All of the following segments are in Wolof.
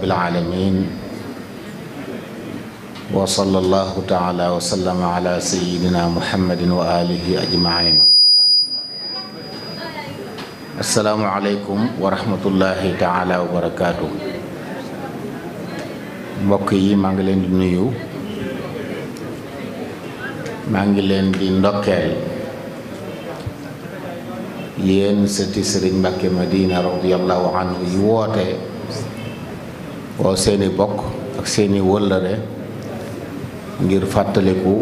bilalamin wa sallallahu taala wa sallama ala sayidina muhammadin wa alihi ajmain assalaamu aleykum wa rahmatullahi taala wa barakaatu mbokk yi maa ngi leen di nuyu maa ngi leen di ndokkeel yéen sëti Sëriñ Mbàkke Madina radiallahu anhu yi woote woo seeni bokk ak seeni wëllëre ngir fàttaliku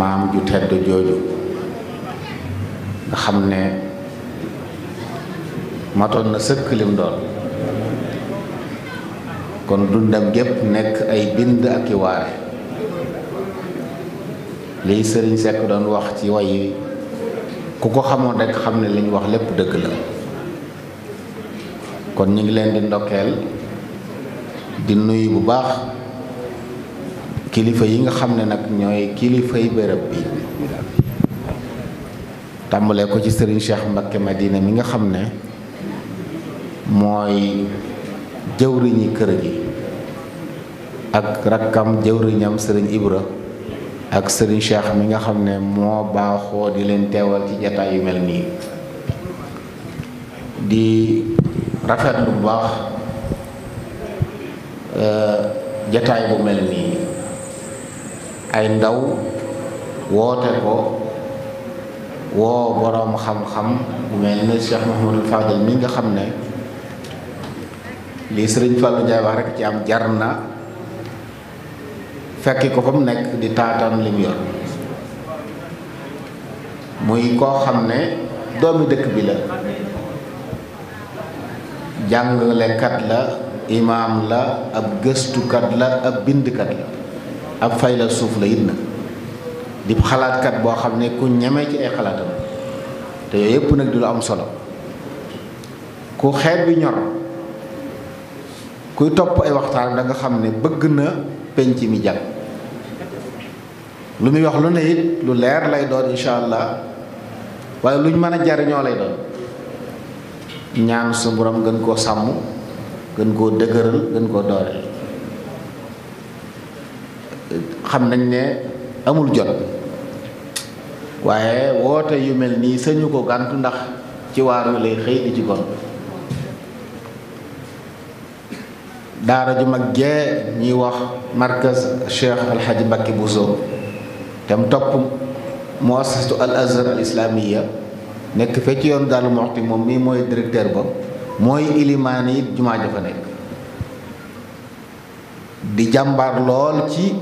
maam ju tedd jooju nga xam ne matoon na sëkk lim doon kon dundam gépp nekk ay bind ak i waare lii sëriñ Seck doon wax ci way ku ko xamoon rekk xam ne li ñu wax lépp dëgg la kon ñu ngi leen di ndokkeel di nuyu bu baax kilifa yi nga xam ne nag ñooy kilifay bërëb bi tàmbalee ko ci sëriñ Cheikh Mbacké Madina mi nga xam ne mooy jëwriñi kër gi ak rakkam jëwriñam sëriñ Ibra ak sëriñ Cheikh mi nga xam ne moo baaxoo di leen teewal ci jataay yu mel nii di rafet lu baax Euh, jataay bu mel nii ay ndaw woote ko woo boroom xam-xam bu mel ni Cheikh Mouhamadul Fadel mi nga xam ne lii sëriñ Fallou Ndiaye wax rek ci am jar na fekki ko fa mu nekk di taataan lim yor muy koo xam ne doomi dëkk bi la jàngalekat la imaam la ab gëstukat la ab bindkat la ab faylasuuf la it nag di xalaatkat boo xam ne ku ñeme ci ay xalaatam te yooyu yëpp nag di lu am solo ku xeet bi ñor kuy topp ay waxtaan da nga xam ne bëgg na penc mi jag lu muy wax lu ne it lu leer lay doon incha allah waaye luñ mën a jariñoo lay doon ñaan su borom gën koo sàmm gën koo dëgëral gën koo dooleel xam nañ ne amul jot waaye woote yu mel nii sañu ko gàntu ndax ci waar wi lay xëy di ci gon daara ju mag jee ñuy wax markaz cheikh alxaji mbakki buso tem topp muassasatu al azhar al islamiyya nekk fe ci yoon Daaru Muxti moom mii mooy directeur ba mooy ilimaan yi jumaa ja fa nekk di jàmbar lool ci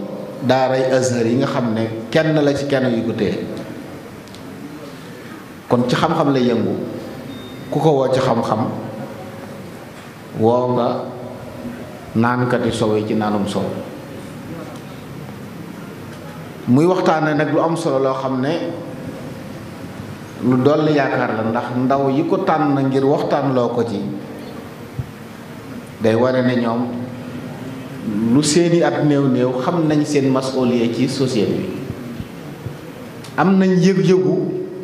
daaray azhar yi nga xam ne kenn la ci kenn yu ko téye kon ci xam-xam la yëngu ku ko woo ci xam-xam woo nga naankati sowe ci naanum sow muy waxtaane nag lu am solo loo xam ne lu dolli yaakaar la ndax ndaw yi ko tànn ngir waxtaan ko ci day wane ne ñoom lu seeni at néew-néew xam nañ seen masoliye ci société bi am nañ yëg-yëgu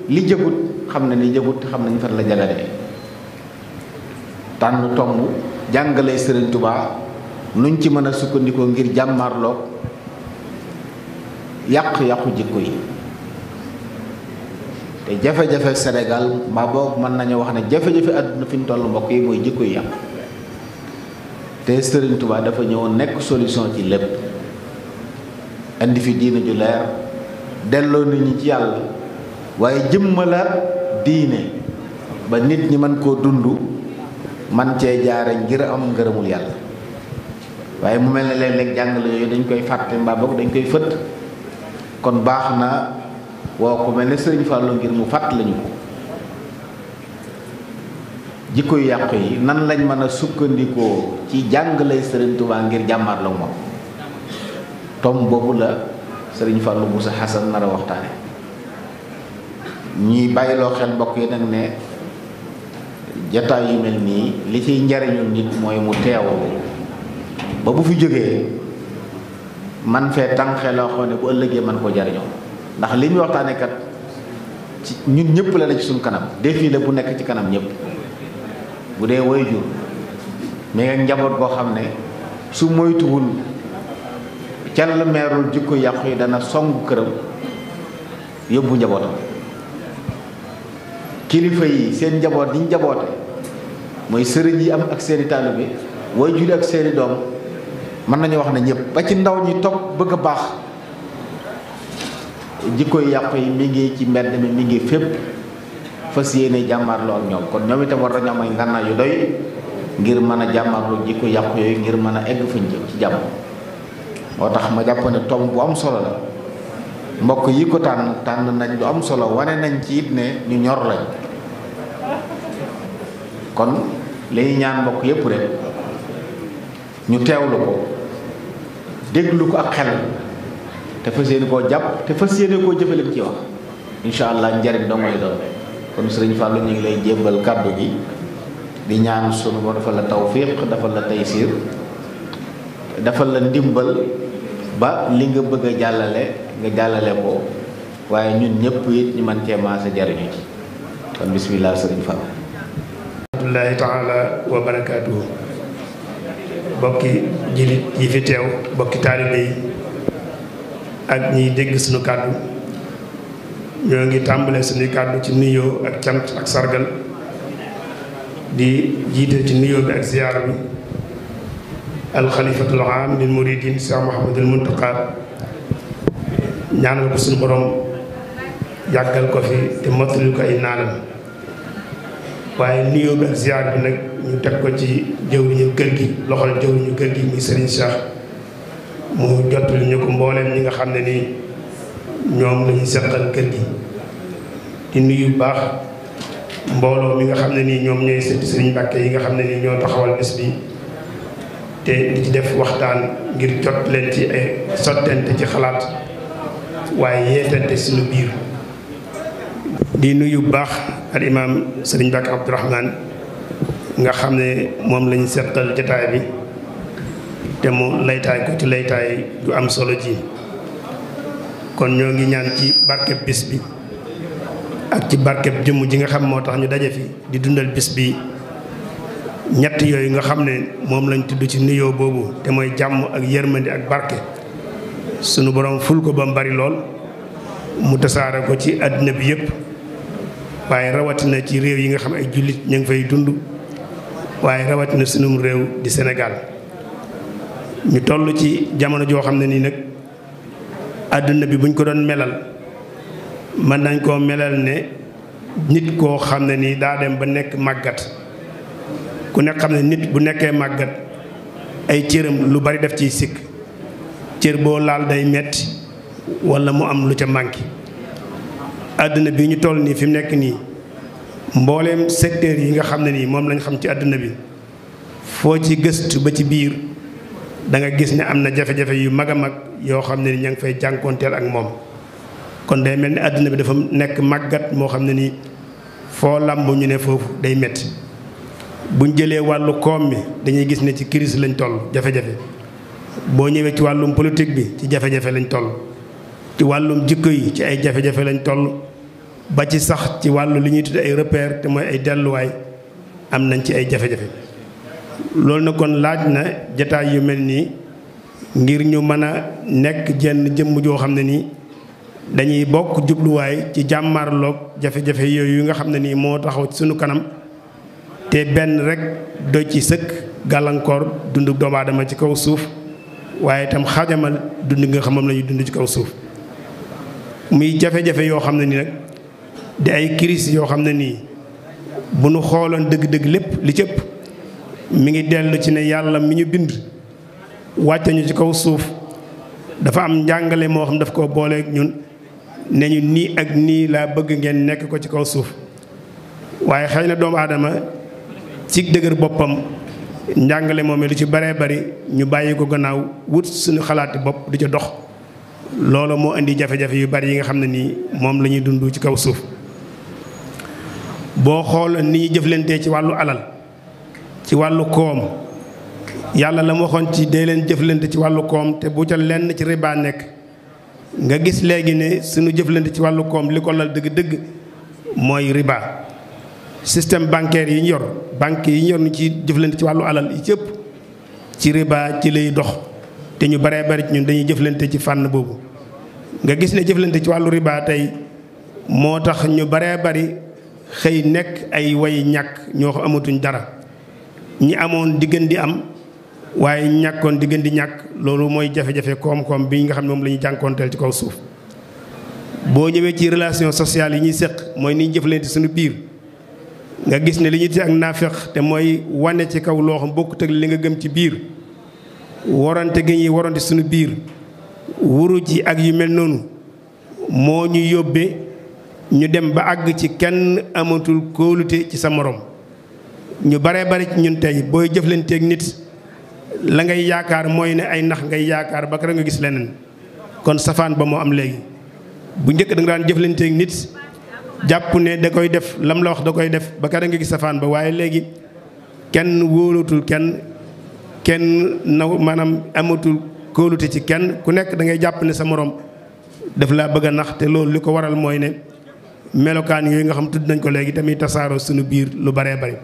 li jëgut xam na li jëgut xam nañ fan la jagade tànn tomb jàngale Sëriñ Tubaa nuñ ci mën a sukkandikoo ngir jàmmarloog yàq yàqu jikko yi te jafe-jafe Sénégal mbaa boog mën nañu wax ne jafe-jafe àdduna fi ñu toll mbokk yi mooy jikko yi te Sëriñ Tuubaa dafa ñëwoon nekk solution ci lépp indi fi diina ju leer delloo nit ñi ci yàlla waaye jëmmalaat diine ba nit ñi mën koo dund man cee jaare ngir am ngërëmul yàlla waaye mu mel ne léeg-léeg jàngale yooyu dañ koy fàtte mbaa boog dañ koy fëtt kon baax na woo ko mel ni sëriñ Fallou ngir mu fàttali lañu ko jikko yu yàqu yi nan lañ mën a sukkandikoo ci jàngale sëriñ Touba ngir jàmmaar la moom tom boobu la sëriñ Fallou Moussa Hassan nar a waxtaane ñuy bàyyiloo xel mbokk yi nag ne jataay yu mel nii li ciy njariñu nit mooy mu teewoo ba bu fi jógee man fee tànqee loo xam ne bu ëllëgee man ko jariñoo ndax li ñuy waxtaanee kat ci ñun ñëpp la ne ci suñ kanam défi la bu nekk ci kanam ñëpp bu dee waajur mi ngi njaboot boo xam ne su moytuwul cell meerul jikko yàqu yi dana songu këram yóbbu njabootam kilifa yi seen njaboot yi ñu njaboote mooy sëriñ yi am ak seeni taalibe waajur ak seeni doom mën nañu wax ne ñëpp ba ci ndaw ñi topp bëgg a baax jikko yàqu yi mi ngi ci mbedd mi mi ngi fépp fas yéene jàmmarloo ak ñoom kon ñoom itam war nañoo am ay ngànnaay yu doy ngir mën a jàmmarloo jikko yàqu yooyu ngir mën a egg fañ jëm ci jàmm moo tax ma jàpp ne tomb bu am solo la mbokk yi ko tànn tànn nañ lu am solo wane nañ ci it ne ñu ñor lañ kon li ñu ñaan mbokk yépp rek ñu teewlu ko déglu ko ak xel te fas koo jàpp te fas koo jëfe ci wax incha allah njariñ dong lay doon kon sëriñ Fallou ñu ngi lay jébbal kàddu gi di ñaan sunu bo dafa la tawfiq dafa la taysiir dafa la ndimbal ba li nga bëgg a jàllale nga jàllale ko waaye ñun ñëpp it ñu man cee maase jariñu ci kon bismillah sëriñ Fallou bokki jilit yi fi teew bokki taalibe ak ñiy dégg suñu kàddu ñoo ngi tàmbalee suñuy kàddu ci nuyoo ak cant ak sargal di jiite ci nuyoo bi ak ziyaar bi alxalifatul aam lil muridin Cheikh Mouhamadul Muntaqa ñaanal ko suñu borom yàggal ko fi te mottali ko ay naanam waaye nuyoo bi ak ziyaar bi nag ñu teg ko ci jëwriñu kër gi loxol jëwriñu kër gi muy Serigne Cheikh mu jottali ñu ko mbooleem ñi nga xam ne nii ñoom lañu seqal kër gi di nuyu baax mbooloo mi nga xam ne nii ñoom ñooy sëti Sëriñ Mbàkke yi nga xam ne nii ñoo taxawal bés bi te di ci def waxtaan ngir jot leen ci ay sottente ci xalaat waaye yeetante suñu biir di nuyu baax al imaam Sëriñ Mbàkke Abdourahmane nga xam ne moom lañuy seqal jataay bi te mu laytaay ko ci laytaay yu am solo ji kon ñoo ngi ñaan ci barkeb bis bi ak ci barkeb jëm ji nga xam moo tax ñu daje fi di dundal bis bi ñett yooyu nga xam ne moom lañ tudd ci nuyoo boobu te mooy jàmm ak yërmandi ak barke sunu borom ful ko ba mu bari lool mu tasaare ko ci àddina bi yëpp waaye rawatina ci réew yi nga xam ay jullit ñu ngi fay dund waaye rawatina sunum réew di senegal ñu toll ci jamono joo xam ne nii nag àdduna bi buñ ko doon melal mën nañ koo melal ne nit koo xam ne nii daa dem ba nekk màggat ku nekk xam ne nit bu nekkee màggat ay cëram lu bari def ciy sikk cër boo laal day metti walla mu am lu ca manqué àdduna bi ñu toll nii fi mu nekk nii mbooleem secteur yi nga xam ne nii moom lañ xam ci àdduna bi foo ci gëstu ba ci biir da nga gis ne am na jafe-jafe yu mag a mag yoo xam ne ni ña ngi fay jànkoonteel ak moom kon day mel ni àdduna bi dafa nekk màggat moo xam ne ni foo làmb ñu ne foofu day métti buñ jëlee wàllu koom mi dañuy gis ne ci crise lañ toll jafe-jafe boo ñëwee ci wàllum politique bi ci jafe-jafe lañ toll ci wàllum jikko yi ci ay jafe-jafe lañ toll ba ci sax ci wàllu li ñuy tudd ay repère te mooy ay delluwaay am nañ ci ay jafe-jafe loolu na kon laaj na jataay yu mel nii ngir ñu mën a nekk jenn jëmm joo xam ne nii dañuy bokk jubluwaay ci jàmmarloog jafe-jafe yooyu yi nga xam ne nii moo taxaw ci sunu kanam te benn rekk doy ci sëkk gàllankoor dund doomu aadama ci kaw suuf waaye itam xajamal dund nga xam moom dund ci kaw suuf muy jafe-jafe yoo xam ne ni nag di ay crise yoo xam ne nii bu nu xooloon dëgg-dëgg lépp li ci mi ngi dellu ci ne yàlla mi ñu bind wàcce ñu ci kaw suuf dafa am njàngale moo xam daf ko booleek ñun ne ñu nii ak nii laa bëgg ngeen nekk ko ci kaw suuf waaye xëy na doomu aadama ci dëgër boppam njàngale moom lu ci baree bari ñu bàyyi ko gannaaw wut suñu xalaati bopp di ca dox loolu moo indi jafe-jafe yu bari yi nga xam ne nii moom la ñuy dund ci kaw suuf boo xool ni ñuy jëflantee ci wàllu alal ci wàllu koom yàlla la mu waxoon ci dee leen jëflante ci wàllu koom te bu ca lenn ci riba nekk nga gis léegi ne sunu jëflante ci wàllu koom li ko lal dëgg-dëgg mooy riba système bancaire yi ñu yor banque yi ñu yor ni ci jëflante ci wàllu alal yi yëpp ci riba ci lay dox te ñu baree bari ci ñun dañuy jëflante ci fànn boobu nga gis ne jëflante ci wàllu ribaa tey moo tax ñu baree bari xëy nekk ay way ñàkk ñoo amatuñ dara ñi amoon di di am waaye ñàkkoon di di ñàkk loolu mooy jafe-jafe koom-koom bi nga xam ne moom la ñuy jànkoonteel ci kaw suuf. boo ñëwee ci relation sociale yi ñuy seq mooy ni jëflante sunu biir nga gis ne li ñu ti ak naafeq te mooy wane ci kaw loo bokkute ak li nga gëm ci biir warante gi ñuy warante suñu biir wuru ji ak yu mel noonu moo ñu yóbbe ñu dem ba àgg ci kenn amatul kóolute ci sa moroom ñu baree bari ci ñun tey booy jëflanteeg nit la ngay yaakaar mooy ne ay nax ngay yaakaar ba kër nga gis leneen kon safaan ba moo am léegi. bu njëkk da nga daan jëflanteeg nit jàpp ne da koy def lam la wax da koy def ba kër nga gis safaan ba waaye léegi kenn wóolatul kenn kenn naw maanaam amatul kóolute ci kenn ku nekk da ngay jàpp ne sa morom daf laa bëgg a nax te loolu li ko waral mooy ne melokaan yooyu nga xam tudd nañ ko léegi tamit tasaaroo suñu biir lu baree bari.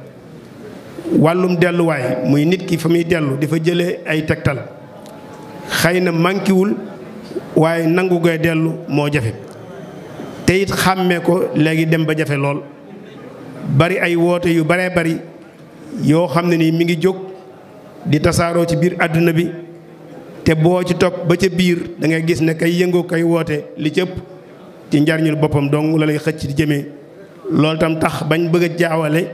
wàllum delluwaay muy nit ki fa muy dellu di fa jëlee ay tegtal xëy na mànkiwul waaye nangu ngay dellu moo jafe te it xàmmee ko léegi dem ba jafe lool bari ay woote yu baree bari yoo xam ne nii mi ngi jóg di tasaaroo ci biir àdduna bi te boo ci toog ba ca biir dangay gis ne kay yëngu kay woote li cëpp ci njariñul boppam dong la lay xëcc di jëmee loolu tam tax bañ bëgg a jaawale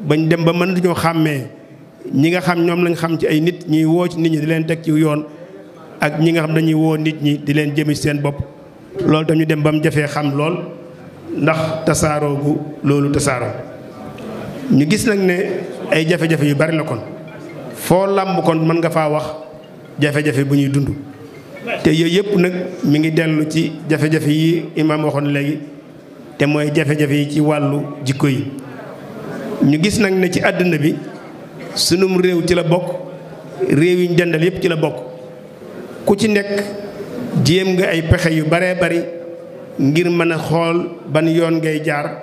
bañ dem ba mën nañoo xàmmee ñi nga xam ñoom lañ xam ci ay nit ñuy woo ci nit ñi di leen teg ci yoon ak ñi nga xam dañuy woo nit ñi di leen jëmi seen bopp loolu tam dem ba mu jafee xam lool ndax tasaaroo gu loolu tasaaroo ñu gis nag ne ay jafe-jafe yu bari la kon foo làmb kon mën nga faa wax jafe-jafe bu ñuy dund te yooyu yëpp nag mu ngi dellu ci jafe-jafe yi imam waxoon léegi te mooy jafe-jafe yi ci wàllu jikko yi ñu gis nag ne ci àdduna bi sunum réew ci la bokk réew yuñ ñu dendal yépp ci la bokk ku ci nekk jéem nga ay pexe yu baree bari ngir mën a xool ban yoon ngay jaar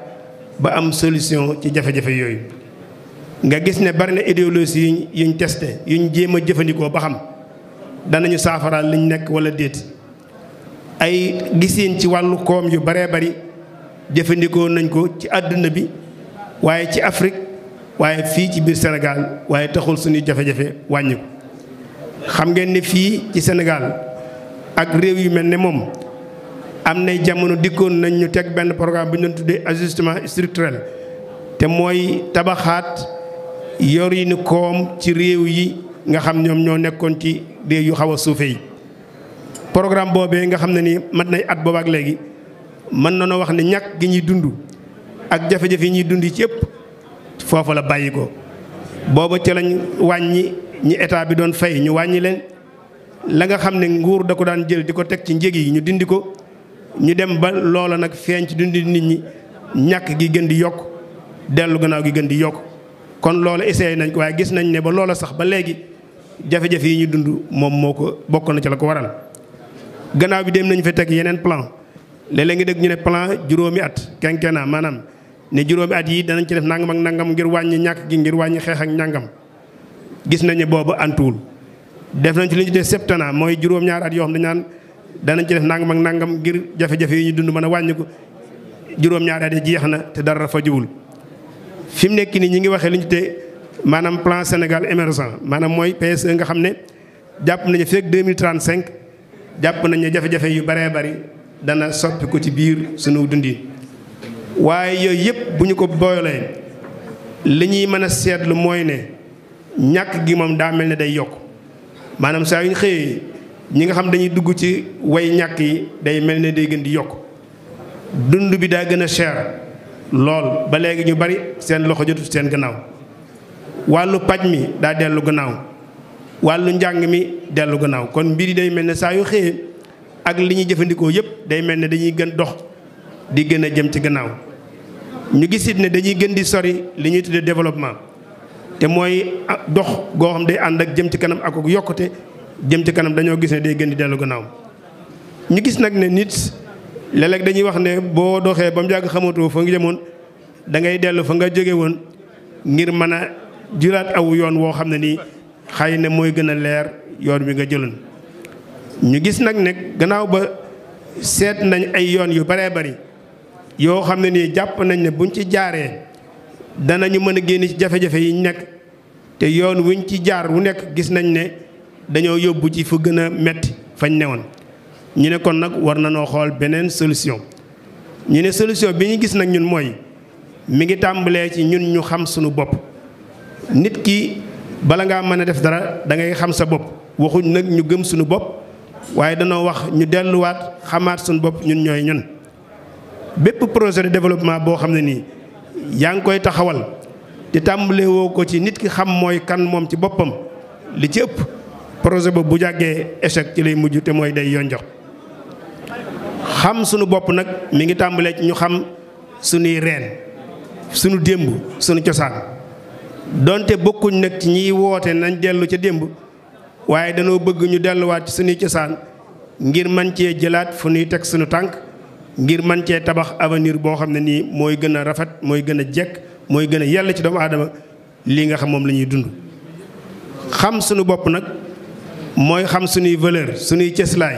ba am solution ci jafe-jafe yooyu nga gis ne bari na idéologie yuñ yuñ testé yuñ jéem a jëfandikoo ba xam danañu saafaraal liñ nekk wala déet ay gisiin ci wàllu koom yu baree bari jëfandikoo nañ ko ci àddina bi waaye ci Afrique waaye fii ci biir Sénégal waaye taxul suñu jafe-jafe wàññiku xam ngeen ne fii ci Sénégal ak réew yu mel ni moom am na jamono dikkoon nañ ñu teg benn programme bu ñu tuddee ajustement structurel te mooy tabaxaat yor yi ni koom ci réew yi nga xam ñoom ñoo nekkoon ci réew yu xaw a suufe yi programme boobee nga xam ne ni mat nay at boobaak léegi mën na wax ne ñàkk gi ñuy dund ak jafe-jafe yi ñuy dund ci yëpp foofu la bàyyi ko booba ca lañ wàññi ñi état bi doon fay ñu wàññi leen la nga xam ne nguur da ko daan jël di ko teg ci njëg yi ñu dindi ko ñu dem ba loola nag feeñ ci dundi nit ñi ñàkk gi gën di yokk dellu gannaaw gi gën di yokk kon loola essayé nañ ko waaye gis nañ ne ba loola sax ba léegi jafe-jafe yi ñu dund moom moo ko bokk na ci la ko waral gannaaw bi dem nañ fa teg yeneen plan léeg-léeg nga ñu ne plan juróomi at quinquennat maanaam ne juróomi at yi danañ ci def nangam ak nangam ngir wàññi ñàkk gi ngir wàññi xeex ak njàngam gis nañu boobu antuwul def nañ ci li ñu def septennat mooy juróom-ñaar at yoo xam ne ci def nangam ak nangam ngir jafe yi ñu dund mën a wàññi ko jeex na te dara fa jiwul fi mu nekk nii ñi ngi waxee li ñu te maanaam plan Sénégal émergent maanaam mooy PSE nga xam ne jàpp nañu fekk 2035 jàpp nañu jafe-jafe yu baree bari dana soppi ko ci biir sunu dundin waaye yooyu yëpp bu ñu ko boolee li ñuy mën a seetlu mooy ne ñàkk gi moom daa mel ne day yokk maanaam saa yu ñu xëyee ñi nga xam dañuy dugg ci way ñàkk yi day mel ne day gën di yokk dund bi daa gën a cher lool ba léegi ñu bari seen loxo jotu ci seen gannaaw wàllu paj mi daa dellu gannaaw wàllu njàng mi dellu gannaaw kon mbir yi day mel ne saa yu xëyee ak li ñuy jëfandikoo yëpp day mel ne dañuy gën dox di gën a jëm ci gannaaw ñu gis gisit ne dañuy gën di sori li ñuy tuddee développement te mooy dox goo xam day ànd ak jëm ci kanam ak yokkute jëm ci kanam dañoo gis ne day gën di dellu gannaaw ñu gis nag ne nit léeg dañuy wax ne boo doxee ba mu yàgg xamatoo fa nga jëmoon da ngay dellu fa nga jóge woon ngir mën a juraat aw yoon woo xam ne nii xay ne mooy gën a leer yoon wi nga jëloon. ñu gis nag ne gannaaw ba seet nañ ay yoon yu baree bari yoo xam ne nii jàpp nañ ne buñ ci jaaree danañu mën a génne ci jafe-jafe yi nekk te yoon wuñ ci jaar wu nekk gis nañ ne dañoo yóbbu ci fu gën a metti fañ newoon ñu ne kon nag war na noo xool beneen solution ñu ne solution bi ñu gis nag ñun mooy mi ngi tàmbalee ci ñun ñu xam suñu bopp nit ki bala ngaa mën a def dara da ngay xam sa bopp waxuñ nag ñu gëm suñu bopp waaye danoo wax ñu delluwaat xamaat suñu bopp ñun ñooy ñun bépp projet de développement boo xam ne nii yaa ngi koy taxawal te tàmbale woo ko ci nit ki xam mooy kan moom ci boppam li ci ëpp projet boobu bu jàggee échec ci lay mujj te mooy day yonjox xam sunu bopp nag mi ngi tàmbalee ci ñu xam sunuy reen sunu démb sunu cosaan donte bokkuñ nag ci ñiy woote nañ dellu ca démb waaye danoo bëgg ñu delluwaat ci sunuy cosaan ngir man cee jëlaat fu nuy teg sunu tànk ngir man cee tabax avenir boo xam ne nii mooy gën a rafet mooy gën a jekk mooy gën a yàlla ci doomu aadama lii nga xam moom la ñuy dund. xam suñu bopp nag mooy xam suñuy valeur suñuy cëslaay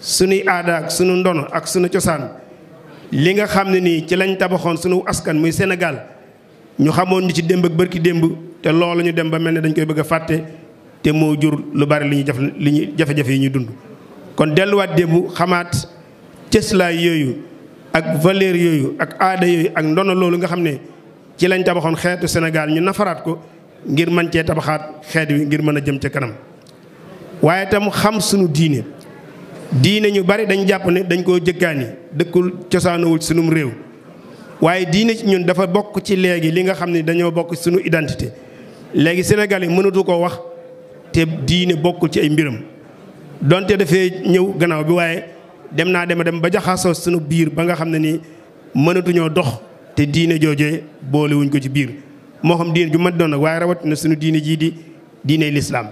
suñuy aada ak suñu ndono ak sunu cosaan li nga xam ne nii ci lañ tabaxoon suñu askan muy senegal ñu xamoon ñu ci démb ak bërki démb te loolu ñu dem ba mel ne dañ koy bëgg fàtte te moo jur lu bari li ñuy jaf li ñuy jafe-jafe yi ñuy dund kon delluwaat démb xamaat. cëslaay yooyu ak valeur yooyu ak aada yooyu ak ndono loolu nga xam ne ci lañ tabaxoon xeetu senegal ñu nafaraat ko ngir man cee tabaxaat xeet wi ngir mën a jëm ca kanam waaye tam xam sunu diine diine ñu bari dañu jàpp ne dañ koo jëkkaani dëkkul cosaanowul sunum réew waaye diine ci ñun dafa bokk ci léegi li nga xam ne dañoo bokk suñu identité léegi Sénégal yi mënatu koo wax te diine bokkul ci ay mbiram donte dafee ñëw gannaaw bi waaye dem naa dema dem ba jaxasoo sunu biir ba nga xam ne ni mënatuñoo dox te diine jooje boolewuñ ko ci biir moo xam diine ju man doon nag waaye rawatina sunu diine jii di diine lislaam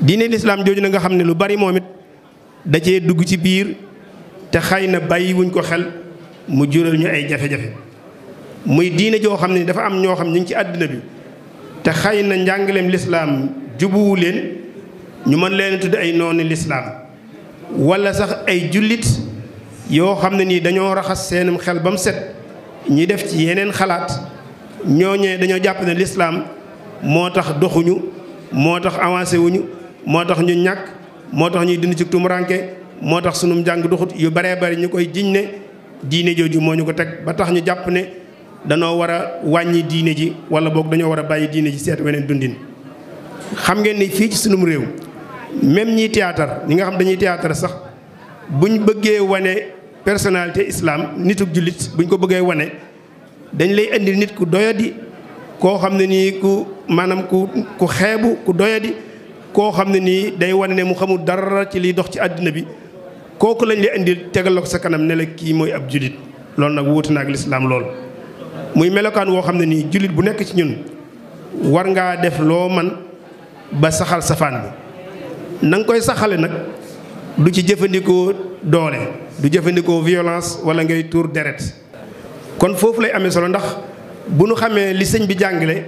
diine lislaam jooju na xam ne lu bari moom it da cee dugg ci biir te xëy na bàyyiwuñ ko xel mu jural ñu ay jafe muy diine joo xam ne dafa am ñoo xam ñu ci àddina bi te xëy na njàngaleem lislaam jubuwu leen ñu mën leen tudd ay noonu lislaam wala sax ay jullit yoo xam ne nii dañoo raxas seenum xel ba mu set ñi def ci yeneen xalaat ñooñee dañoo jàpp ne lislaam moo tax doxuñu moo tax avancé wuñu moo tax ñu ñàkk moo tax ñuy dund ci tumuranke moo tax sunum njàng doxut yu baree bari ñu koy jiñ ne diine jooju moo ñu ko teg ba tax ñu jàpp ne dañoo war a wàññi diine ji wala boog dañoo war a bàyyi diine ji seet weneen dundin xam ngeen ni fii ci sunum réew même ñiy théâtre ñi nga xam dañuy théâtre sax bu ñu bëggee wane personnalité islaam nituk jullit buñ ko bëggee wane dañ lay indi nit ku doyadi koo xam ne nii ku maanaam ku ku xeebu ku doyadi koo xam ne nii day wane ne mu xamul dara ci liy dox ci àddina bi kooku lañ lay indil tegal ko sa kanam ne kii mooy ab jullit loolu nag wuute na ak lislaam lool muy melokaan woo xam ne nii jullit bu nekk ci ñun war ngaa def loo man ba saxal safaan bi na koy saxale nag du ci jëfandikoo doole du jëfandikoo violence wala ngay tuur deret kon foofu lay amee solo ndax bu nu xamee li sëñ bi jàngale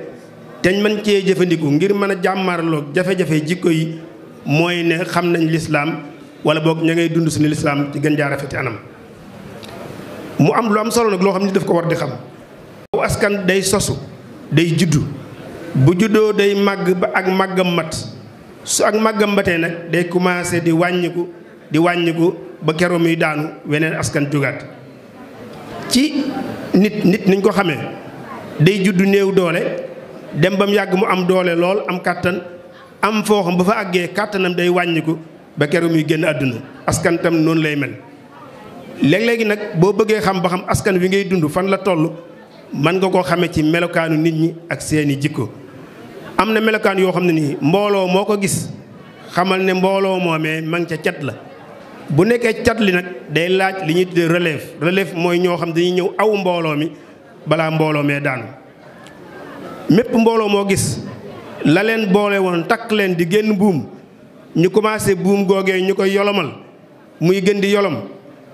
teñ mën cee jëfandikoo ngir mën a jàmmarloog jafe-jafe jikko yi mooy ne xam nañ lislaam wala boog ña ngay dund suñu lislaam ci gën jaa rafeti anam mu am lu am solo nag loo xam ni daf ko war di xam aw askan day sosu day juddu bu juddoo day màgg ba ak màggam mat su ak màggam ba nag day commencé di wàññiku di wàññiku ba keroo muy daanu weneen askan jugaat ci nit nit nañ ko xamee day juddu néew doole dem ba mu yàgg mu am doole lool am kàttan am foo xam ba fa àggee kàttanam day wàññiku ba keroo yi génn àdduna askan noonu lay mel léeg-léegi nag boo bëggee xam ba xam askan wi ngay dund fan la toll mën nga koo xamee ci melokaanu nit ñi ak seeni jikko am na melokaan yoo xam ne nii mbooloo moo ko gis xamal ne mbooloo moo ma ngi ca cat la bu nekkee cat li nag day laaj li ñuy tuddee relève relève mooy ñoo xam dañuy ñëw aw mbooloo mi balaa mbooloo mee daanu mépp mbooloo moo gis la leen boole woon takk leen di génn buum ñu commencé buum googee ñu koy yolomal muy gën di yolom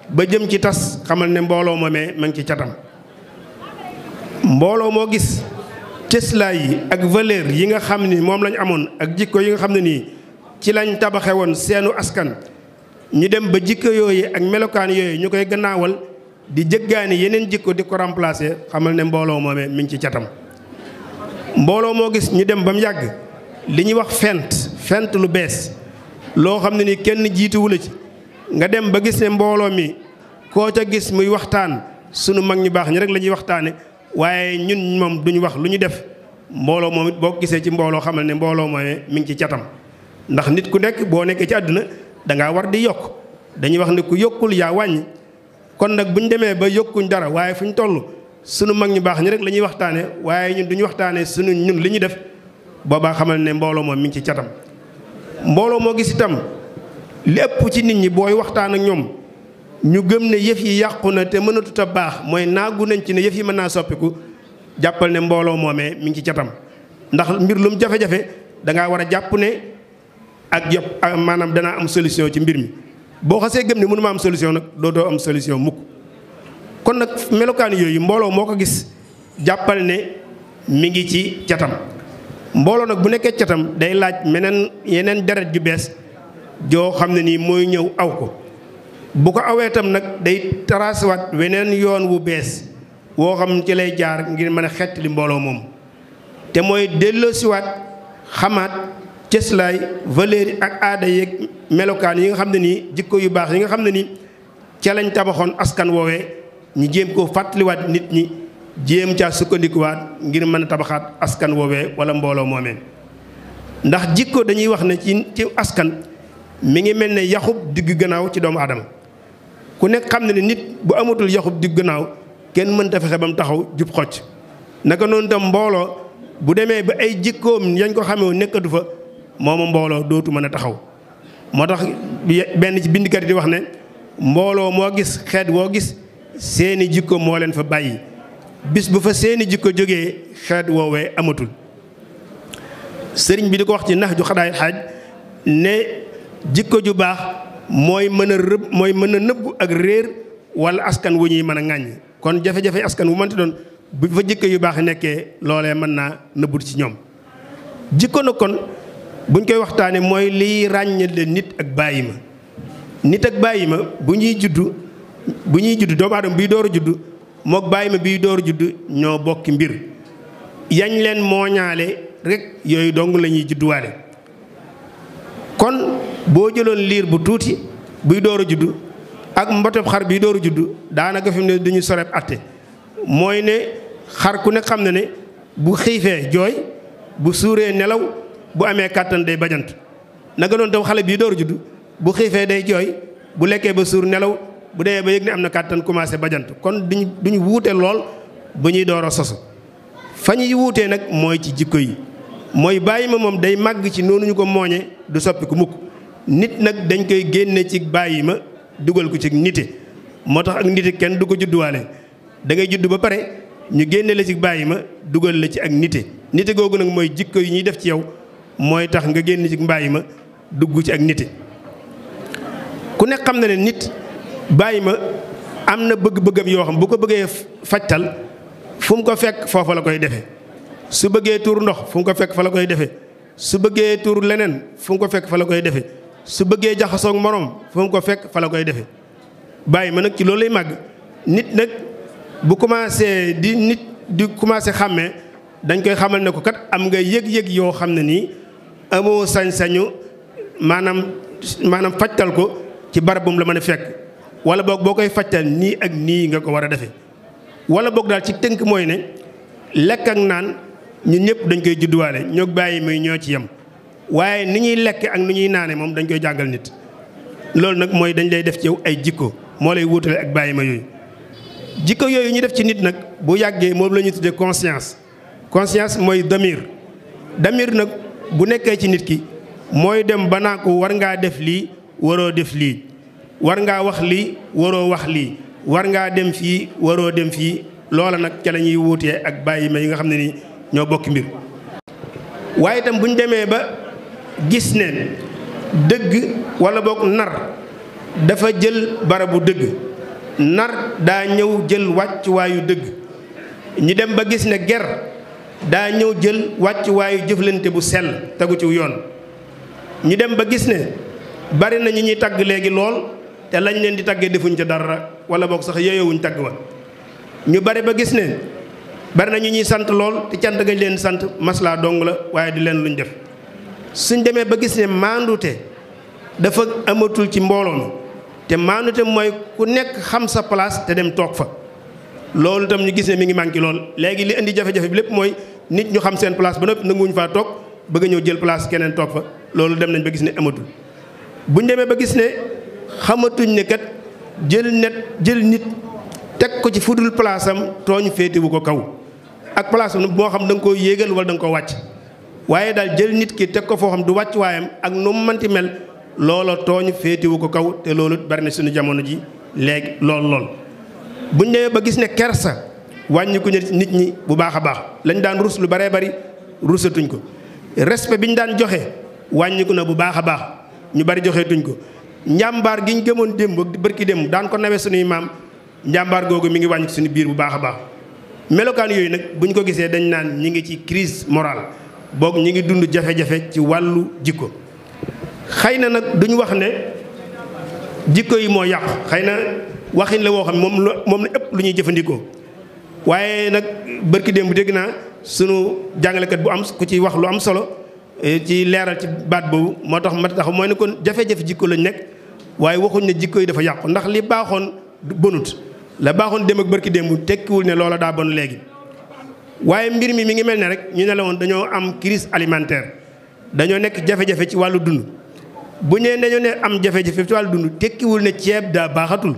ba jëm ci tas xamal ne mbooloo moomee ma ngi ci catam mbooloo moo gis cëslaay yi ak valeur yi nga xam ni moom lañ amoon ak jikko yi nga xam ne nii ci lañ tabaxe woon seenu askan ñu dem ba jikko yooyu ak melokaan yooyu ñu koy gannaawal di jëggaani yeneen jikko di ko remplacer xamal ne mbooloo moomee mi ngi ci catam mbooloo moo gis ñu dem ba mu yàgg li ñuy wax fent fent lu bees loo xam ne ni kenn jiituwu la ci nga dem ba gis ne mbooloo mi koo ca gis muy waxtaan sunu mag ñu baax ñi rek la ñuy waxtaane waaye ñun moom duñu wax lu ñu def mbooloo moom it boo gisee ci mbooloo xamal ne mbooloo mooy mi ngi ci catam ndax nit ku nekk boo nekkee ci àdduna dangaa war di yokk dañuy wax ne ku yokkul yaa wàññi kon nag bu ñu demee ba yokkuñ dara waaye fu ñu toll sunu mag ñu baax ñi rek la ñuy waxtaanee waaye ñun duñu waxtaanee suñu ñun li ñu def boobaa xamal ne mbooloo moom mi ngi ci catam mbooloo moo gis itam lépp ci nit ñi booy waxtaan ak ñoom. ñu gëm ne yëf yi yàqu na te mënatut a baax mooy naagu nañ ci ne yëf yi mën naa soppiku jàppal ne mbooloo moomee mu ngi ci catam ndax mbir lum jafe-jafe da ngaa war a jàpp ne ak yëpp maanaam danaa am solution ci mbir mi boo xasee gëm ne mënu am solution nag doo am solution mukk kon nag melokaan yooyu mbooloo moo ko gis jàppal ne mi ngi ci catam mbooloo nag bu nekkee catam day laaj meneen yeneen deret ju bees joo xam ne nii mooy ñëw aw ko bu ko awee itam nag day taraaswaat weneen yoon wu bees woo xam ci lay jaar ngir mën a xett mbooloo moom te mooy delloosiwaat xamaat cëslaay valeur ak aada yeeg melokaan yi nga xam ne nii jikko yu baax yi nga xam ne nii ca lañ tabaxoon askan woowe ñu jéem koo fàttaliwaat nit ñi jéem caa sukkandikuwaat ngir mën a tabaxaat askan woowe wala mbooloo moomee ndax jikko dañuy wax ne ci ci askan mu ngi mel ne yaxub digg gannaaw ci doomu aadama ku nekk xam na ne nit bu amatul yaxub di gannaaw kenn mënta fexe ba mu taxaw jub xocc naka noonu tam mbooloo bu demee ba ay jikkoom yañ ko xamee nekkatu fa moomu mbooloo dootu mën a taxaw moo tax benn ci bindikat yi di wax ne mbooloo moo gis xeet woo gis seeni jikko moo leen fa bàyyi bis bu fa seeni jikko jógee xeet woowee amatul sëriñ bi di ko wax ci nax ju xadaay xaaj ne jikko ju baax mooy mën a rëb mooy mën a nëbbu ak réer wala askan wu ñuy mën a ŋàññ kon jafe-jafe askan wu mënti doon bu fa jikko yu baax nekkee loolee mën naa nëbbut ci ñoom jikko na kon buñ koy waxtaanee mooy liy ràññale nit ak bàyyi ma nit ak bàyyi ma bu ñuy juddu bu ñuy juddu doomu aadama biy door a juddu moog bàyyi ma biy door a juddu ñoo bokki mbir yañ leen mooñaale rek yooyu dong la ñuy judduwaale kon boo jëloon liir bu tuuti buy door a juddu ak mboteb xar bii door a juddu daanaka fi mu ne duñu soreb atte mooy ne xar ku ne xam na ne bu xiifee jooy bu suuree nelaw bu amee kàttan day bajant naka noonu tam xale bii door a juddu bu xiifee day jooy bu lekkee ba suur nelaw bu demee ba yëg ne am na kàttan commencé bajant kon duñ duñu wuute lool bu ñuy door a sosu fañ ñuy wuutee nag mooy ci jikko yi mooy bàyyi ma moom day màgg ci noonu ñu ko mooñe du soppi ku mukk nit nag dañ koy génne ci bàyyi ma dugal ko ci nite moo tax ak nite kenn du ko judduwaale da ngay judd ba pare ñu génne la ci bàyyi ma dugal la ci ak nite nite googu nag mooy jikko yi ñuy def ci yow mooy tax nga génn ci mbàyyi ma dugg ci ak nite ku nekk xam na ne nit bàyyi ma am na bëgg-bëggam yoo xam bu ko bëggee fajtal fu mu ko fekk foofa la koy defee su bëggee tuur ndox fu mu ko fekk fa la koy defee su bëggee tuur leneen fu ko fekk fa koy defee su bëggee jaxasoog moroom fu mu ko fekk fa la koy defee bàyyi ma nag ci loolu lay màgg nit nag bu commencé di nit di commencé xàmmee dañ koy xamal ne ko kat am nga yég yëg yoo xam ne nii amoo sañ-sañu maanaam maanaam fajtal ko ci barab bu la mën a fekk wala boog boo koy fajtal nii ak nii nga ko war a defee wala boog daal ci tënk mooy ne lekk ak naan ñun ñëpp dañ koy judduwaale ñoog bàyyi muy ñoo ci yem waaye ni ñuy lekk ak ni ñuy naane moom dañ koy jàngal nit loolu nag mooy dañu lay def ci yow ay jikko moo lay wuutale ak bàyyi ma yooyu jikko yooyu ñu def ci nit nag bu yàggee moom la ñuy tuddee conscience conscience mooy damir damir nag bu nekkee ci nit ki mooy dem ba naa ko war ngaa def lii waroo def lii war ngaa wax lii waroo wax lii war ngaa dem fii waroo dem fii loola nag ca la ñuy wuutee ak bàyyi ma yi nga xam ne nii ñoo bokki mbir waaye itam bu ñu demee ba gis ne dëgg walla boog nar dafa jël barabu dëgg nar daa ñëw jël wàccuwaayu dëgg ñu dem ba gis ne ger daa ñëw jël wàccuwaayu jëflante bu sell tegu ci yoon ñu dem ba gis ne bari na ñu ñuy tagg léegi lool te lañ leen di taggee defuñ ca dara wala boog sax yeyowuñ tagg wa ñu bari ba gis ne bari na ñu ñuy sant lool te cant gañ leen sant maslaa dong la waaye di leen lu ñu def suñ demee ba gis ne maandute dafa amatul ci mbooloo mi te maandute mooy ku nekk xam sa place te dem toog fa loolu tam ñu gis ne mi ngi manqué lool léegi li indi jafe-jafe lépp mooy nit ñu xam seen place ba noppi nanguwuñ faa toog bëgg ñëw jël place keneen toog fa loolu dem nañ ba gis ne amatul buñ demee ba gis ne xamatuñ ne kat jël net jël nit teg ko ci fudul place am tooñ féetewu ko kaw ak place boo xam da nga koo yéegal wala da nga koo wàcc waaye daal jël nit ki teg ko foo xam du wàcc waayam ak nu mu manti mel loola tooñ féetewu ko kaw te loolu bari na suñu jamono ji léegi lool lool. buñ demee ba gis ne kersa wàññi ko nit ñi bu baax a baax lañ daan rus lu baree bari rusatuñ ko bi ñu daan joxe wàññiku na bu baax a baax ñu bari joxeetuñ ko. njàmbaar gi ñu gëmoon démb ki démb daan ko nawe suñuy maam njàmbaar googu mi ngi wàññi suñu biir bu baax a baax. melokaan yooyu nag bu ñu ko gisee dañ naan ñi ngi ci crise morale boog ñu ngi dund jafe-jafe ci wàllu jikko xëy na nag duñu wax ne jikko yi moo yàqu xëy na waxin la woo xam moom la moom la ëpp lu ñuy jëfandikoo waaye nag bërki démb dégg naa sunu jàngalekat bu am ku ci wax lu am solo eh, ci leeral ci baat boobu moo tax ma tax mooy ne kon jafe-jafe jikko lañ nekk waaye waxuñ ne jikko yi dafa yàqu ndax li baaxoon bonut la baaxoon dem ak bërki démb tekkiwul ne loola daa bon léegi waaye mbir mi mi ngi mel ne rek ñu ne la woon dañoo am crise alimentaire dañoo nekk jafe-jafe ci wàllu dund bu ñëwee dañoo ne am jafe-jafe ci wàllu dund tekkiwul ne ceeb daa baaxatul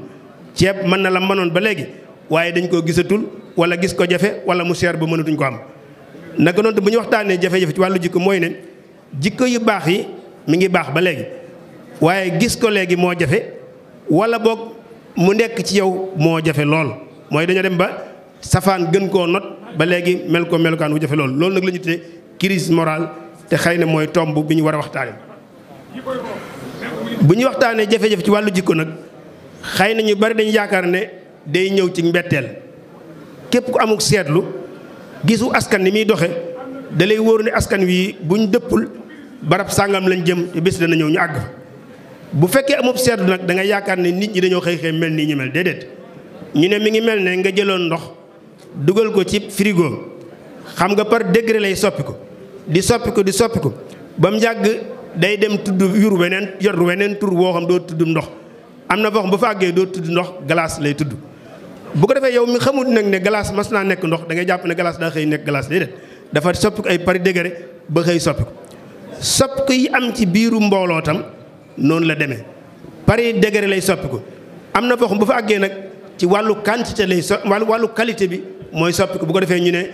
ceeb mën na la mënoon ba léegi waaye dañ koo gisatul wala gis ko jafe wala mu seer ba mënatuñ ko am naka noonu bu ñu waxtaanee jafe-jafe ci wàllu jikko mooy ne jikko yu baax yi mi ngi baax ba léegi waaye gis ko léegi moo jafe mu nekk ci yow moo jafe lool mooy dañoo dem ba safaan gën koo not ba léegi mel ko melukaan wu jafe lool loolu nag la ñu tuddee crise morale te xëy na mooy tomb bi ñu war a waxtaane bu ñu waxtaanee jafe-jafe ci wàllu jikko nag xëy na ñu bari dañu yaakaar ne day ñëw ci mbetteel képp ku amul seetlu gisu askan ni muy doxe dalay lay wóor ne askan wi buñ dëppul barab sàngam lañ jëm te bés dana ñëw ñu àgg bu fekkee amub seetlu nag dangay yaakaar ne nit ñi dañoo xëy xëy mel nii ñu mel déedéet ñu ne mi ngi mel ne nga jëloon ndox dugal ko ci frigo xam nga par degré lay soppi ko di soppi ko di soppi ko ba mu yàgg day dem tudd yur weneen yor weneen tur woo xam doo tudd ndox am na foo xam bu fa àggee doo tudd ndox glace lay tudd. bu ko defee yow mi xamut nag ne glace mas naa nekk ndox da ngay jàpp ne glace daa xëy nekk glace déedéet dafa soppi ko ay par degré ba xëy ci biiru mbooloo noonu la demee pari degré lay soppiku am na foofu bu fa àggee nag ci wàllu quantité lay so wàllu qualité bi mooy soppiku bu ko defee ñu ne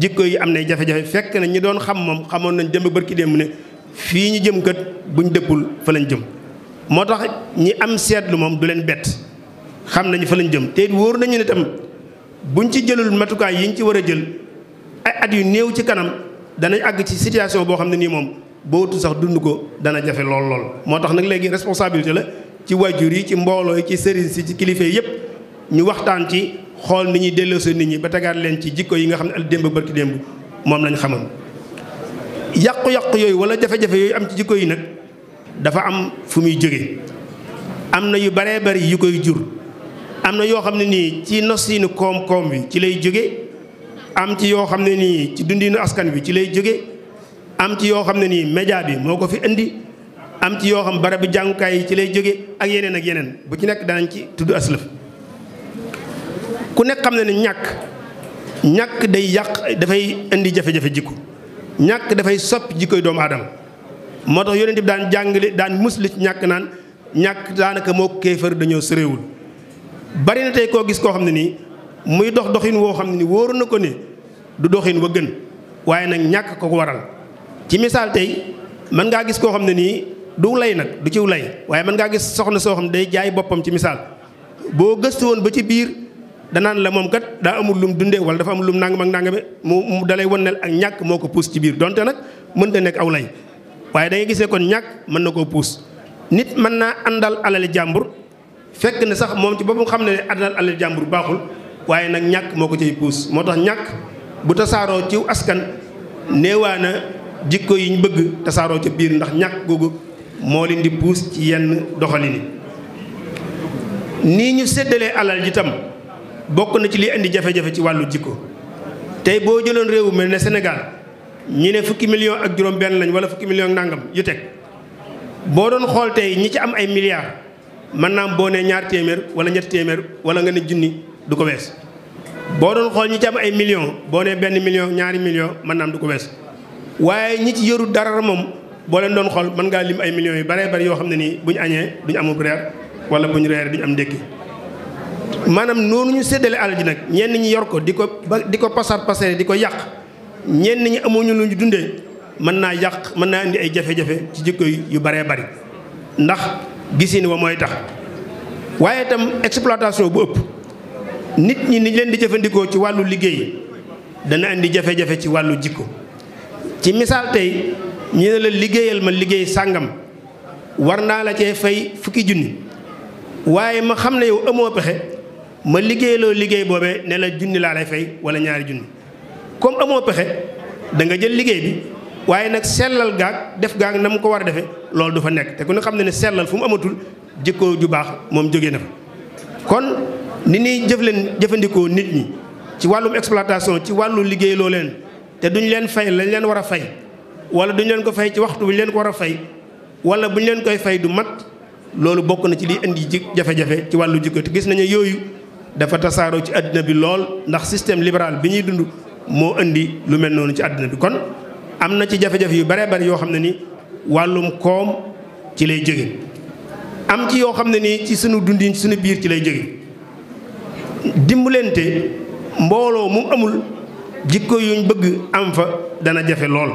jikko yi am na jafe-jafe fekk na ñi doon xam moom xamoon nañ dem ak barki mu ne fii ñu jëm kat buñ dëppul fa lañ jëm moo tax ñi am seetlu moom du leen bett xam nañu fa lañ jëm te wóor nañu ne tam buñ ci jëlul matukaay yi ñu ci war a jël ay at yu néew ci kanam danañ àgg ci situation boo xam ne nii moom bootu sax dund ko dana jafe lool lool moo tax nag léegi responsabilité la ci wajur yi ci mbooloo yi ci sëriñ si ci kilifa yépp ñu waxtaan ci xool ni ñuy delloosa nit ñi ba tegaat leen ci jikko yi nga xam ne al démb barki démb moom lañ xamoon yàqu-yàqu yooyu wala jafe-jafe yooyu am ci jikko yi nag dafa am fu muy jóge am na yu baree bari yi koy jur am na yoo xam ne nii ci nosiinu koom-koom bi ci lay jóge am ci yoo xam ne nii ci dundinu askan bi ci lay jóge am ci yoo xam ne nii média bi moo ko fi indi am ci yoo xam bare bu jàngukaay yi ci lay jóge ak yeneen ak yeneen bu ci nekk danañ ci tudd aslëf ku nekk xam ne ne ñàkk ñàkk day yàq dafay indi jafe jikko ñàkk dafay soppi jikkoy doomu aadama moo tax yonent jàngale daan musli ñàkk naan ñàkk daanaka moo kéefar dañoo sërewul bari na tey koo gis koo xam ne nii muy dox doxin woo xam ne ni wóoru na ko ne du doxin wa gën waaye nag ñàkk ko waral ci misaal tey man ngaa gis koo xam ne nii du lay nag du ciw lay waaye man ngaa gis soxna soo xam ne day jaay boppam ci misaal boo gëstu woon ba ci biir danaan la moom kat daa amul lum dundee wala dafa amul lum nangam ak nangam mu dalay wonel ak ñàkk moo ko puus ci biir donte nag mën na nekk aw lay waaye da gisee kon ñàkk mën na koo puus nit mën naa àndal alali jàmbur fekk ne sax moom ci boppam xam ne àndal alali jàmbur baaxul waaye nag ñàkk moo ko cay puus moo tax ñàkk bu tasaaroo ciw askan néewaa jikko yi ñu bëgg tasaaroo ca biir ndax ñàkk googu moo leen di puus ci yenn doxalin nii ñu séddalee alal ji tam bokk na ci li indi jafe-jafe ci wàllu jikko tey boo jëloon réew mel ne senegal ñi ne fukki million ak juróom benn lañ wala fukki million nangam yu teg boo doon xool tey ñi ci am ay milliards mën naa boo ne ñaar téeméer wala ñetti téeméer wala nga ne junni du ko wees boo doon xool ñi ci am ay millions boo ne benn million ñaari mën naa du ko wees waaye ñi ci yëru dara moom boo leen doon xool mën ngaa lim ay millions yu baree bari yoo xam ne nii bu ñu añee duñu amub reer wala bu ñu reer duñu am ndékki maanaam noonu ñu séddale alal ji nag ñeen ñi yor ko di ko ba di ko pasar pasare di ko yàq ñenn ñi ñun lu ñu dundee mën naa yàq mën naa indi ay jafe-jafe ci jikko yu baree bari ndax gisin wa mooy tax waaye itam exploitation bu ëpp nit ñi ni leen di jëfandikoo ci wàllu liggéey dana indi jafe-jafe ci wàllu jikko ci misaal tey ñu ne la liggéeyal ma liggéey sàngam war naa la cee fay fukki junni waaye ma xam ne yow amoo pexe ma liggéeyaloo liggéey boobee ne la junni laa lay fay wala ñaari junni comme amoo pexe danga jël liggéey bi waaye nag sellal gaag def gaag na mu ko war a defee loolu du fa nekk te ku ne xam ne ne sellal fu mu amatul jikko ju baax moom jógee na fa. kon ni ñuy jëf leen jëfandikoo nit ñi ci wàllum exploitation ci wàllu liggéey loo leen. te duñ leen fay lañ leen war a fay wala duñ leen ko fay ci waxtu buñ leen ko war a fay wala buñ leen koy fay du mat loolu bokk na ci li indi ji jafe-jafe ci wàllu jikko te gis nañu yooyu dafa tasaaroo ci àddina bi lool ndax système libéral bi ñuy dund moo indi lu mel noonu ci àddina bi kon am na ci jafe-jafe yu bare bari yoo xam ne ni wàllum koom ci lay jóge am ci yoo xam ne ni ci sunu dund ci sunu biir ci lay jóge dimbalante mbooloo mu amul jikko yuñ bëgg am fa dana jafe lool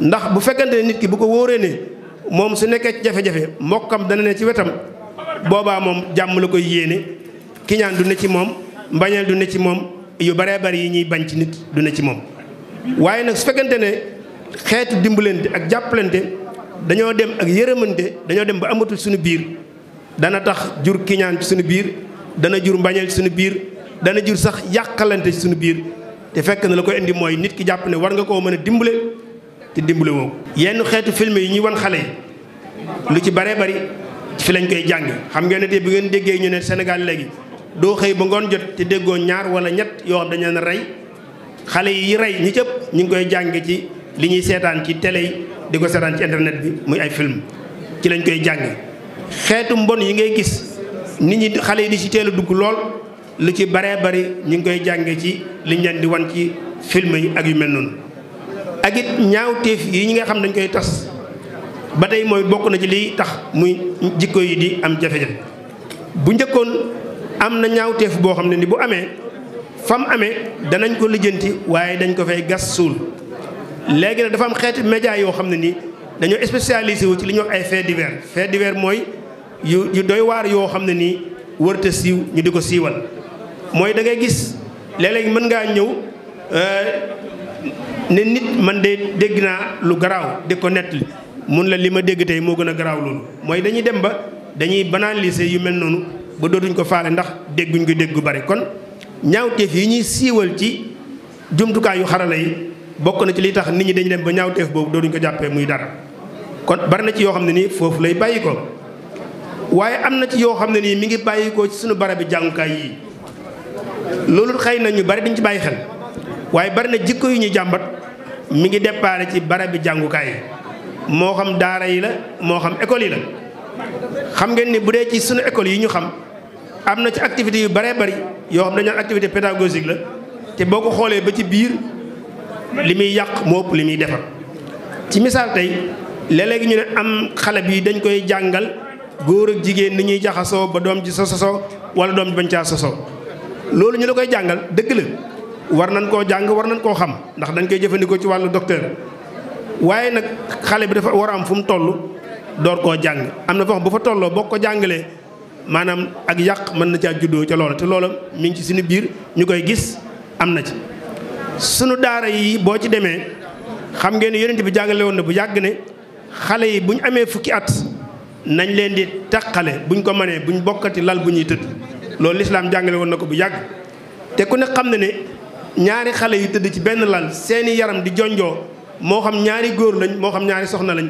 ndax bu fekkante nit ki bu ko wóoree ne moom su nekkee ci jafe-jafe mbokkam dana ne ci wetam boobaa moom jàmm la koy yéene kiñaan du ne ci moom mbañeel du ne ci moom yu baree bari yi ñuy bañ ci nit du ne ci moom waaye nag su fekkante ne xeetu dimbalante ak jàppalante dañoo dem ak yërëmante dañoo dem ba amatul suñu biir dana tax jur kiñaan ci suñu biir dana jur mbañeel ci suñu biir dana jur sax yàqalante ci suñu biir te fekk na la ko indi mooy nit ki jàpp ne war nga koo mën a dimbale te dimbale wooku yenn xeetu film yi ñuy wan xale yi lu ci baree bari fi lañ koy jàng xam ngeen ne tey bu ngeen déggee ñu ne senegal léegi doo xëy ba ngoon jot te déggoo ñaar wala ñett yoo xam dañu leen rey xale yi rey ñi cëpp ñu ngi koy jàng ci li ñuy seetaan ci télé yi di ko seetaan ci internet bi muy ay film ci lañ koy jàng xeetu mbon yi ngay gis nit ñi xale yi di ci teel a dugg lool. lu ci baree bari ñu ngi koy jànge ci liñ leen di wan ci film yi ak yu mel noonu ak it ñaaw ñaawteef yi ñi nga xam dañ koy tas ba tey mooy bokk na ci liy tax muy jikko yi di am jafe-jafe bu njëkkoon am na ñaaw ñaawteef boo xam ne ni bu amee fam amee danañ ko lijjanti waaye dañ ko fay gas suul léegi nag dafa am xeeti média yoo xam ne nii dañoo spécialisé wu ci li ñuy wax ay fait divers fait divers mooy yu yu doy waar yoo xam ne nii wërte siiw ñu di ko siiwal mooy dangay gis léeg mën ngaa ñëw euh, ne nit man de dégg naa lu garaaw di ko li mun la li ma dégg tey moo gën a garaaw loolu mooy dañuy dem ba dañuy banaan banaliser yu mel noonu ba dootuñ ko faale ndax dégguñ ko déggu bari kon ñaawteef yi ñuy siiwal ci jumtukaay yu xarala yi bokk na ci liy tax nit ñi dañu dem ba ñaawteef boobu dootuñ ko jàppee muy dara kon bari na ci yoo xam ne nii foofu lay bàyyi ko waaye am na ci yoo xam ne nii mi ngi bàyyi ko ci suñu barabi jàngukaay yi loolu xëy na ñu bari dañ ci bàyyi xel waaye bari na jikko yu ñuy jàmbat mi ngi départ ci barabi jàngukaay yi moo xam daara yi la moo xam école yi la. xam ngeen ni bu dee ci suñu école yi ñu xam am na ci activité yu baree bari yoo xam dañu activité pédagogique la te boo ko xoolee ba ci biir li muy yàq moo ëpp li muy defar. ci misaal tey léeg-léegi ñu ne am xale bi dañ koy jàngal góor ak jigéen ni ñuy jaxasoo ba doom ji sa sosoo wala doom ji bañ caa sosoo. loolu ñu la koy jàngal dëgg la war nañ koo jàng war nañ koo xam ndax dañ koy jëfandikoo ci wàllu docteur waaye nag xale bi dafa war a am fu mu toll door koo jàng am na foo xam bu fa tolloo boo ko jàngalee maanaam ak yàq mën na caa juddoo ca loola te loola mu ngi ci suñu biir ñu koy gis am na ci. sunu daara yi boo ci demee xam ngeen ne yonent bi jàngale woon na bu yàgg ne xale yi bu ñu amee fukki at nañ leen di taqale buñ ko mënee buñ bokkati lal bu ñuy loolu lislaam jàngale woon na ko bu yàgg te ku ne xam na ne ñaari xale yu tëdd ci benn lal seeni yaram di jonjoo moo xam ñaari góor lañ moo xam ñaari soxna lañ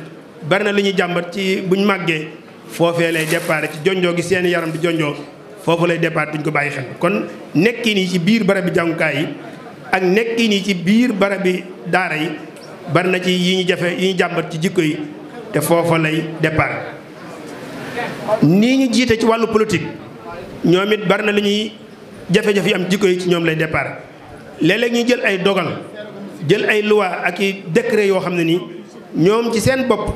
bari na li ñuy jàmbat ci buñ màggee foofee lay départ ci jonjoo gi seeni yaram di jonjoo foofu lay départ duñ ko bàyyi xel kon nekkin yi ci biir barab bi jàngukaay yi ak nekkin yi ci biir barab bi daara yi bari na ci yi ñu jafe yi ñu jàmbat ci jikko yi te foofa lay départ ni ñu jiite ci wàllu politique ñoom it bari na lu ñuy jafe-jafe yi am jikko yi ci ñoom lay départ léeg-léeg ñuy jël ay dogal jël ay loi ak i décret yoo xam ne nii ñoom ci seen bopp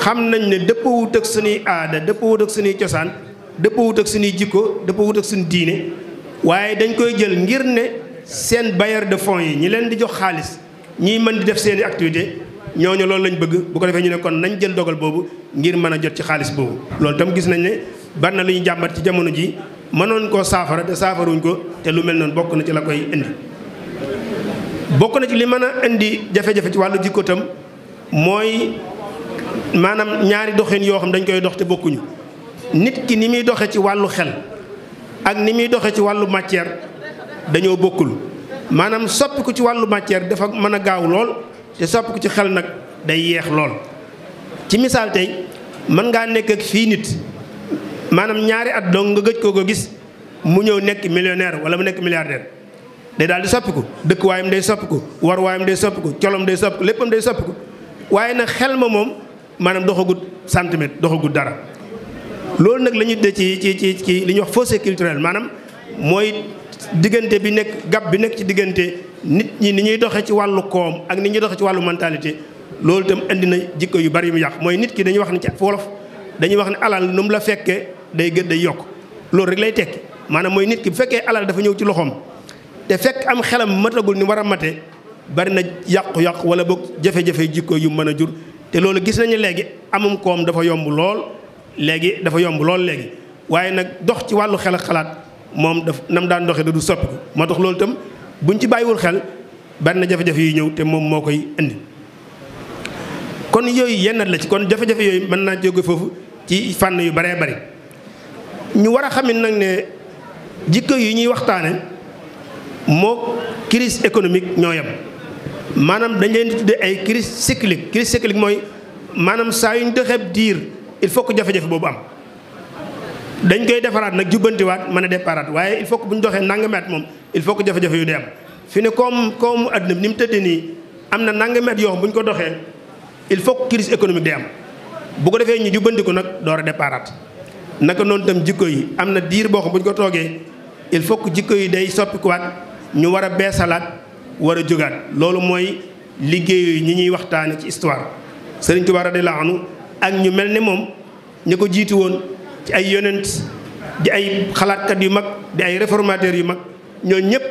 xam nañ ne dëppawut ak suñuy aada dëppawut ak suñuy cosaan dëppawut ak suñuy jikko dëppawut ak suñu diine waaye dañ koy jël ngir ne seen bailleur de fonds yi ñi leen di jox xaalis ñiy mën di def seeni activité ñooñu loolu lañ bëgg bu ko defee ñu ne kon nañ jël dogal boobu ngir mën a jot ci xaalis boobu loolu gis nañ ne bari na ñu jàmbat ci jamono ji mënoon koo saafara te saafaruñ ko te lu mel noonu bokk na ci la koy indi bokk na ci li mën a indi jafe-jafe ci wàllu jikko tam mooy maanaam ñaari doxin yoo xam dañ koy dox te bokkuñu nit ki ni muy doxe ci wàllu xel ak ni muy doxe ci wàllu matière dañoo bokkul maanaam soppi ko ci wàllu matière dafa mën a gaaw lool te sopp ko ci xel nag day yeex lool ci misaal tey mën ngaa nekk ak fii nit maanaam ñaari at dong nga gëj koo ko gis mu ñëw nekk millionaire wala mu nekk milliardaire day daal di soppiku dëkkuwaayam day soppiku waruwaayam day soppiku colom day soppiku léppam day soppiku waaye nag xel ma moom maanaam doxagut centimètre doxagut dara loolu nag la ñu de ci ci ci ci li ñuy wax fossé culturel maanaam mooy diggante bi nekk gab bi nekk ci diggante nit ñi ni ñuy doxee ci wàllu koom ak ni ñuy doxee ci wàllu mentalité loolu itam indi na jikko yu bari yu mu yàq mooy nit ki dañuy wax ne ci wolof dañuy wax ne alal nu mu la fekkee day gën day yokk loolu rek lay tekki maanaam mooy nit ki bu fekkee alal dafa ñëw ci loxoom te fekk am xelam matagul ni war a mate bari na yàqu-yàqu wala boog jafe-jafe jikko yu mën a jur te loolu gis nañu léegi amum koom dafa yomb lool léegi dafa yomb lool léegi waaye nag dox ci wàllu xel xalaat moom daf nam daan doxee da du soppiku moo tax loolu itam buñ ci bàyyiwul xel bari na jafe-jafe yuy ñëw te moom moo koy indi kon yooyu yennat la ci kon jafe yooyu mën naa jóge foofu ci fànn yu baree bari ñu war a xamit nag ne jikko yi ñuy waxtaane moo crise économique ñoo yem maanaam dañ leen di tudde ay crise cyclique crise cyclique mooy maanaam saa yu ñu doxeeb diir il faut que jafe-jafe boobu am dañ koy defaraat nag jubbantiwaat mën a déparaat waaye il faut bu ñu doxee nangami moom il faut jafe-jafe yu dee am fi ne koom koomu àdduna bi ni mu tëddee nii am na nangami at yoo bu ñu ko doxee il faut que crise économique dee am bu ko defee ñu jubbantiku nag door a déparaat naka noonu tam jikko yi am na diir boo xam bu ñu ko toogee il faut que jikko yi day soppikuwaat ñu war a beesalaat war a jógaat loolu mooy liggéeyu ñi ñuy waxtaane ci histoire Sëriñ Tuubaa radiyallaahu anhu ak ñu mel ne moom ñu ko jiitu woon ci ay yonent di ay xalaatkat yu mag di ay réformateur yu mag ñoo ñëpp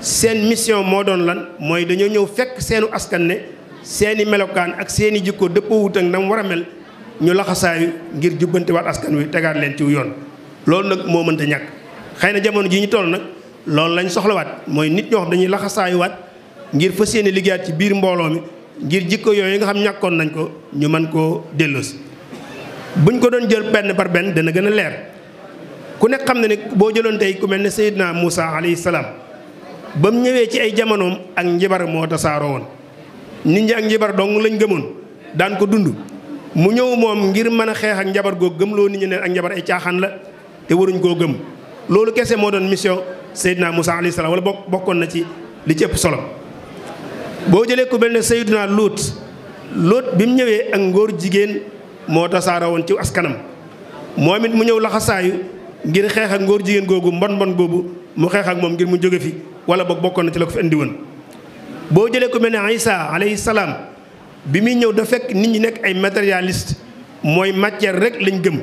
seen mission moo doon lan mooy dañoo ñëw fekk seenu askan ne seeni melokaan ak seeni jikko dëppoo wut ak na mu war a mel ñu laxasaayu ngir jubbanti waat askan wi tegaat leen ci yoon loolu nag moo mën mënta ñàkk xëy na jamono ji ñu toll nag loolu lañ soxlawaat mooy nit ñoo xam dañuy ngir fas yéene liggéeyaat ci biir mbooloo mi ngir jikko yooyu nga xam ñàkkoon nañ ko ñu mën koo delloosi buñ ko doon jël benn bar benn dana gën a leer ku nekk xam ne ne boo jëloon tey ku mel ne Seydina Moussa alayhi salaam ba mu ñëwee ci ay jamonoom ak njibar moo tasaaroo woon nit ñi ak njibar dong lañ gëmoon daan ko dund mu ñëw moom ngir mën a xeex ak njabar goo gëmloo nit ñi ne ak njabar ay caaxaan la te waruñ koo gëm loolu kese moo doon mission Seydina Moussa alayhi salaam wala bokk bokkoon na ci li ci ëpp solo boo jëlee ku mel ne Seydina Luut Luut bi mu ñëwee ak ngóor jigéen moo tasaara woon ci askanam moom it mu ñëw laxasaayu ngir xeex ak ngóor jigéen googu mbon mbon boobu mu xeex ak moom ngir mu jóge fi wala boog bokkoon na ci la ko fi indi woon boo jëlee ku mel ne salaam bi muy ñëw da fekk nit ñi nekk ay matérialiste mooy matière rek lañ gëm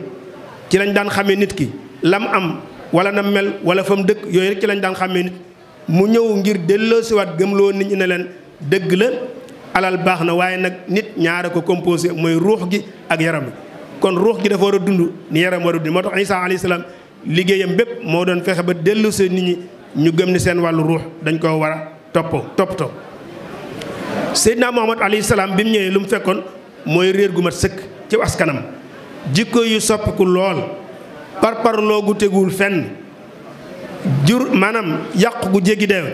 ci lañ daan xamee nit ki lam am wala na mel wala fa mu dëkk yooyu rek ci lañ daan xamee nit mu ñëw ngir gëm gëmloo nit ñi ne leen dëgg la alal baax na waaye nag nit ñaara ko composé mooy ruux gi ak yaram kon ruux gi dafa war a dund ni yaram war a dund moo tax Isa alayhi salaam liggéeyam bépp moo doon fexe ba delloosee nit ñi ñu gëm ni seen wàllu ruux dañ koo war a topp toppatoo Seydina Muhammad alayhi salaam bi mu ñëwee lu mu fekkoon mooy réer gu mat sëkk ci askanam jikko yu soppiku lool par parloo gu teguwul fenn jur maanaam yàq gu jéggi deew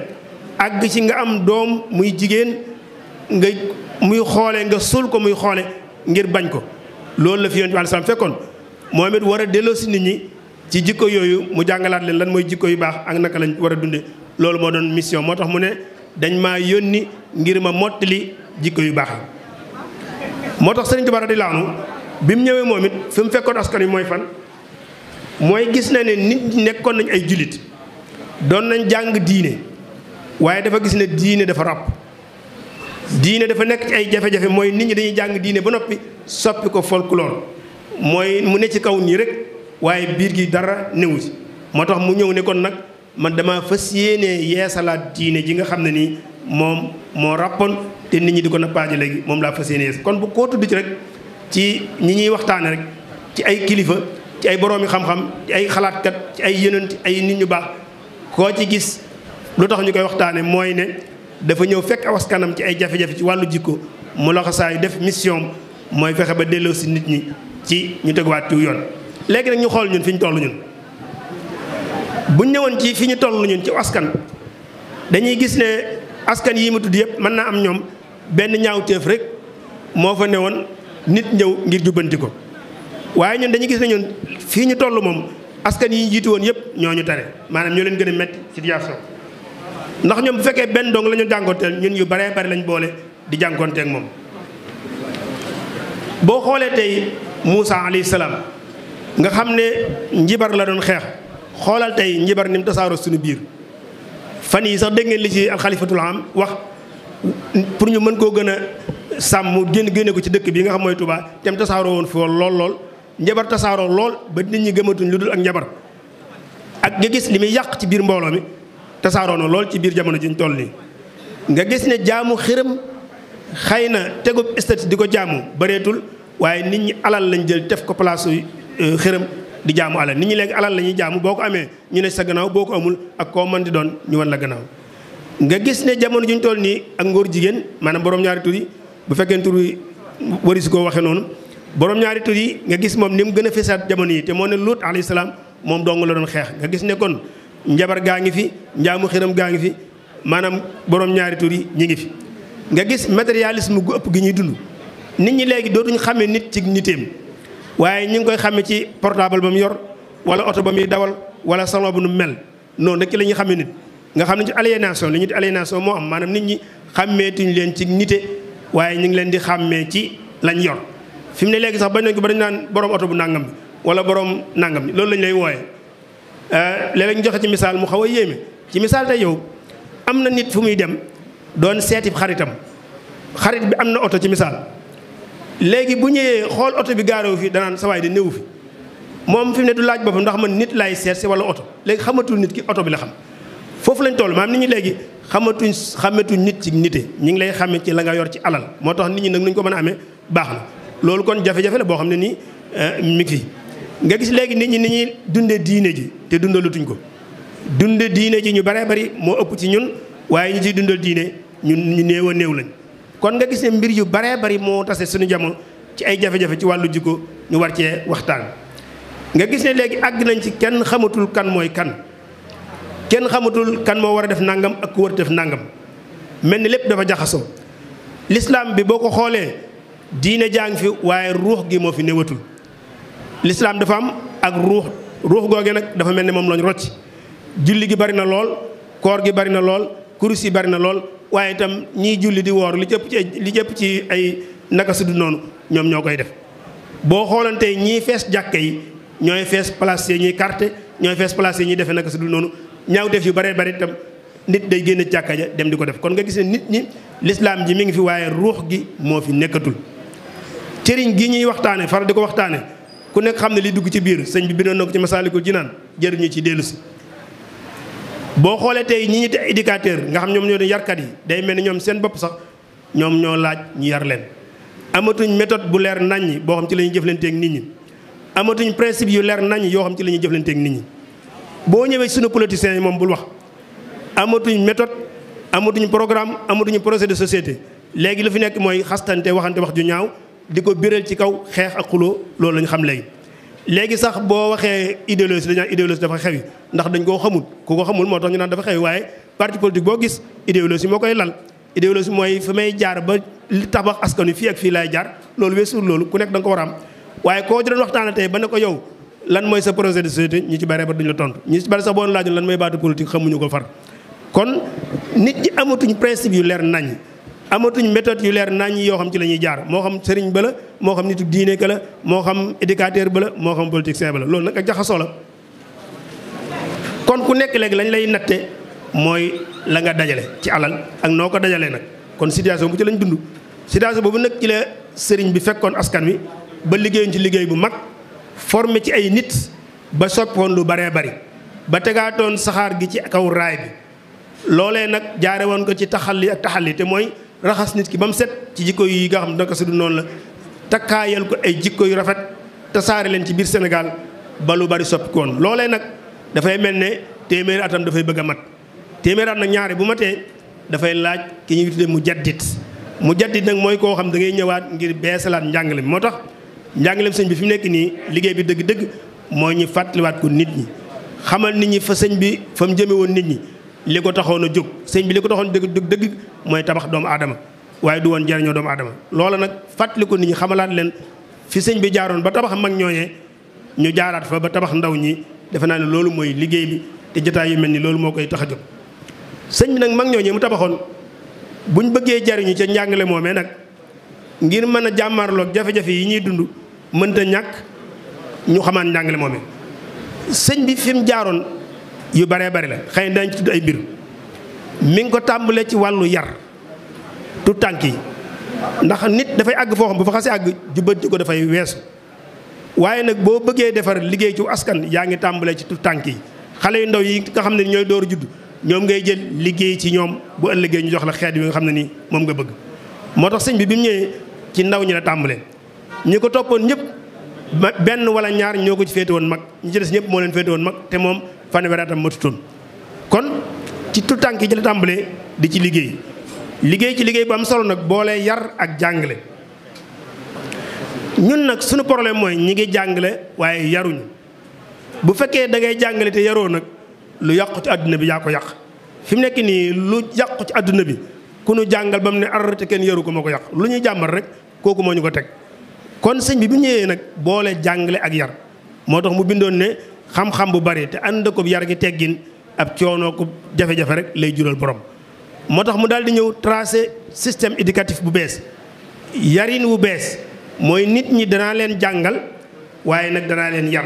àgg ci nga am doom muy jigéen nga muy xoole nga suul ko muy xoole ngir bañ ko loolu la fi yonent bi alayhi fekkoon moom it war a delloo si nit ñi ci jikko yooyu mu jàngalaat leen lan mooy jikko yu baax ak naka lañ war a dunde loolu moo doon mission moo tax mu ne dañ ma yónni ngir ma mottali jikko yu baax moo tax sëriñ Tuubaa radiyallaahu anhu bi mu ñëwee moom it fi mu fekkoon askan wi mooy fan mooy gis na ne nit ñi nekkoon nañ ay jullit doon nañ jàng diine waaye dafa gis ne diine dafa ràpp diine dafa nekk ci ay jafe-jafe mooy nit ñi dañuy jàng diine ba noppi soppi ko folklore mooy mu ne ci kaw nii rek waaye biir gi dara newu ci moo tax mu ñëw nekkoon nag man dama fës yéenee yeesalaat diine ji nga xam ne nii moom moo ràppoon te nit ñi di ko nappaaje léegi moom laa fas yéenee kon bu koo tudd ci rek ci ñi ñuy waxtaane rek ci ay kilifa ci ay boroomi xam-xam ci ay xalaatkat ci ay yënant ay nit ñu baax koo ci gis lu tax ñu koy waxtaane mooy ne dafa ñëw fekk awaskanam ci ay jafe-jafe ci wàllu jikko mu laxasaayu def mission mooy fexe ba delloo si nit ñi ci ñu teguwaat tiw yoon léegi nag ñu xool ñun fi ñu toll ñun bu buñ ñëwoon ci fi ñu toll ñun ci askan dañuy gis ne askan yi mu tudd yëpp mën naa am ñoom benn ñaaw ñaawteef rek moo fa woon nit ñëw ngir jubbanti ko waaye ñun dañuy gis ne ñun fii ñu toll moom askan yi ñu woon yëpp ñoo ñu tare maanaam ñoo leen gën a métti situation ndax ñoom bu fekkee benn dong la ñu ñun yu bare bari lañ boole di jànkonteeg moom. boo xoolee tey Moussa alayhi salaam nga xam ne njibar la doon xeex. xoolal tey njibar ni mu tasaaroo suñu biir fan yi sax dégg ngeen li ci alxalifatul am wax pour ñu mën koo gën a sàmm génn génne ko ci dëkk bi nga xam mooy Touba te mu tasaaroo woon fi woon lool lool njabar tasaaroo lool ba nit ñi gëmatuñ lu dul ak njabar ak nga gis li muy yàq ci biir mbooloo mi tasaaroo na lool ci biir jamono ji ñu toll nga gis ne jaamu xërëm xëy na tegub statut di ko jaamu bareetul waaye nit ñi alal lañ jël def ko place euh, xërëm di jaamu alal nit ñi léegi alal lañuy ñuy jaamu boo ko amee ñu ne sa gannaaw boo ko amul ak koo man di doon ñu wan la gannaaw nga gis ne jamono ju ñu nii ak ngóor jigéen maanaam borom ñaari tur yi bu fekkee tur wari su koo waxee noonu borom ñaari tur yi nga gis moom ni mu gën a fesaat jamono yi te moo ne Luut alayhi salaam moom dong la doon xeex nga gis ne kon njabar gaa ngi fi njaamu xiram gaa ngi fi maanaam borom ñaari tur ñu ngi fi. nga gis matérialisme gu ëpp gi ñuy dund nit ñi léegi dootuñu xamee nit ci niteem. waaye ñi ngi koy xamee ci portable ba mu yor wala oto ba muy dawal wala salon bu nu mel noonu nag ki la ñuy xamee nit nga xam ne ci aliénation li ñu di moo am maanaam nit ñi tuñ leen ci nite waaye ñu ngi leen di xàmmee ci lañ yor fi mu ne léegi sax bañ nañ ko ba dañu naan borom oto bu nangam bi wala borom nangam bi loolu lañ lay wooyee euh, léeg-léeg ñu joxe ci misaal mu xaw a yéeme ci misaal te yow am na nit fu muy dem doon seeti xaritam xarit bi am na oto ci misaal léegi bu ñëwee xool oto bi gaarewu fi danaan sawaay di néewu fi moom fi ne du laaj boppam ndax man nit laay seet si wala oto léegi xamatul nit ki oto bi la xam foofu lañ toll maam nit ñi léegi xamatuñ xamatuñ nit ci nite ñi ngi lay xame ci la nga yor ci alal moo tax nit ñi nag nuñ ko mën a amee baax na loolu kon jafe-jafe la boo xam ne nii eh, mi ngi nga gis léegi nit ñi ni ñuy dunde diine ji te dundalutuñ ko dunde diine ji ñu baree bari moo ëpp ci ñun waaye ñi ciy dundal diine ñun ñu néew néew lañ kon nga gis ne mbir yu baree bari moo tase suñu jamono ci ay jafe-jafe ci wàllu jikko ñu war cee waxtaan nga gis ne léegi àgg nañ ci kenn xamatul kan mooy kan kenn xamatul kan moo war a def nangam ak ku war a def nangam mel ni lépp dafa jaxasoo lislaam bi boo ko xoolee diine jàng fi waaye ruux gi moo fi néewatul lislaam dafa am ak ruux ruux googe nag dafa mel ni moom lañ rocc julli gi bari na lool koor gi bari na lool kurus yi bari na lool waaye itam ñiy julli di woor li jëpp ci li jëpp ci ay naka su du noonu ñoom ñoo koy def boo xoolantee ñii fees jàkke yi ñooy fees place yi ñuy carte ñooy fees place yi ñuy defee naka su du noonu ñaaw def yu baree bari itam nit day génn jàkka ja dem di ko def kon nga gis ne nit ñi lislaam ji mi ngi fi waaye ruux gi moo fi nekkatul cëriñ gi ñuy waxtaane fara di ko waxtaane ku nekk xam ne li dugg ci biir sëñ bi bindoon na ko ci masaalikul jinaan jëriñu ci dellu si boo xoolee tey ñi ñi te éducateur nga xam ñoom ñoo di yarkat yi day mel ni ñoom seen bopp sax ñoom ñoo laaj ñu yar leen amatuñ méthode bu leer naññi boo xam ci la ñuy jëflanteeg nit ñi amatuñ principe yu leer naññi yoo xam ci la ñuy jëflanteeg nit ñi boo ñëwee suñu politiciens yi moom bul wax amatuñ méthode amatuñ programme amatuñu projet de société léegi lu fi nekk mooy xastante waxante wax ju ñaaw di ko biral ci kaw xeex ak xuloo loolu la ñu xam léegi léegi sax boo waxee idéologie dañu naan idéologie dafa xewi ndax dañ koo xamul ku ko xamul moo tax ñu naan dafa xewi waaye parti politique boo gis idéologie moo koy lal idéologie mooy fi may jaar ba li tabax askan wi fii ak fii laay jaar loolu weesul loolu ku nekk da ko war a am waaye koo ci doon waxtaanee tey ba ne ko yow lan mooy sa projet de société ñi ci bare ba duñu la tontu ñi ci bare sax boo laajoon lan mooy baatu politique xamuñu ko far kon nit ñi amatuñ principe yu leer nañ amatuñ méthode yu leer ñi yoo xam ci la ñuy jaar moo xam sëriñ ba la moo xam nitu diine ka la moo xam éducateur ba moo xam politicien ba la loolu nag ak jaxasoo la kon ku nekk léegi lañ lay natte mooy la nga dajale ci alal ak noo ko dajalee nag kon situation bu ci lañ dund situation boobu nag ci la sëriñ bi fekkoon askan wi ba liggéeyuñ ci liggéey bu mag forme ci ay nit ba soppoon lu baree bari ba tegaatoon saxaar gi ci kaw raay bi loolee nag jaare woon ko ci taxalli ak mooy raxas nit ki ba mu set ci jikko yi nga xam ne naka su dul noonu la takkaayal ko ay jikko yu rafet tasaare leen ci biir Sénégal ba lu bari soppi koon loolee nag dafay mel ne téeméeri atam dafay bëgg a mat téeméeri at nag ñaare bu matee dafay laaj ki ñuy tuddee mu jaddit mu jaddit nag mooy koo xam da ngay ñëwaat ngir beesalaat njàngale moo tax njàngaleem sëñ bi fi mu nekk nii liggéey bi dëgg-dëgg mooy ñu fàttaliwaat ko nit ñi xamal nit ñi fa sëñ bi fa mu jëme woon nit ñi li ko taxoon a jóg sëñ bi li ko taxoon dëgg dëgg dëgg mooy tabax doomu aadama waaye du woon jariñoo doomu aadama loola nag fàttali ko nit ñi xamalaat leen fi sëñ bi jaaroon ba tabax mag ñooñee ñu jaaraat fa ba tabax ndaw ñi defe naa ne loolu mooy liggéey bi te jotaay yu mel ni loolu moo koy tax a jóg sëñ bi nag mag ñooñee mu tabaxoon bu buñ bëggee jariñu ca njàngale moomee nag ngir mën a jàmmaarloog jafe-jafe yi ñuy dund mënta ñàkk ñu xamaan njàngale moomee sëñ yu baree bari la xëy na dañ ci tudd ay mbir mi ngi ko tàmbalee ci wàllu yar tu tànk yi ndax nit dafay àgg foo xam bu fa xasee àgg jubbanti ko dafay weesu waaye nag boo bëggee defar liggéey ci askan yaa ngi tàmbale ci tu tànk yi xale yu ndaw yi nga xam ne ñooy door judd ñoom ngay jël liggéey ci ñoom bu ëllëgee ñu jox la xeet yi nga xam ne nii moom nga bëgg moo tax sëñ bi bi ñëwee ci ndaw ñi la tàmbale ñu ko toppoon ñëpp benn wala ñaar ñoo ko ci féete woon mag ñi ci ñëpp moo leen féete woon mag te moom fanweeri atam matutoon kon ci tout tànk yi ci tàmbalee di ci liggéey liggéey ci liggéey bu am solo nag boole yar ak jàngale ñun nag suñu problème mooy ñi ngi jàngale waaye yaruñu bu fekkee da ngay jàngale te yaroo nag lu yàq ci àdduna bi yaa ko yàq fi mu nekk nii lu yàqu ci àdduna bi ku nu jàngal ba mu ne ar te kenn yaru ko ma ko yàq lu ñuy jàmbal rek kooku moo ñu ko teg kon sëñ bi bu ñëwee nag boole jàngale ak yar moo tax mu bindoon ne xam-xam bu bari te ànd ko yar gi teggin ab coono ko jafe-jafe rek lay jural boroom moo tax mu daal di ñëw tracé système éducatif bu bees yarin wu bees mooy nit ñi danaa leen jàngal waaye nag danaa leen yar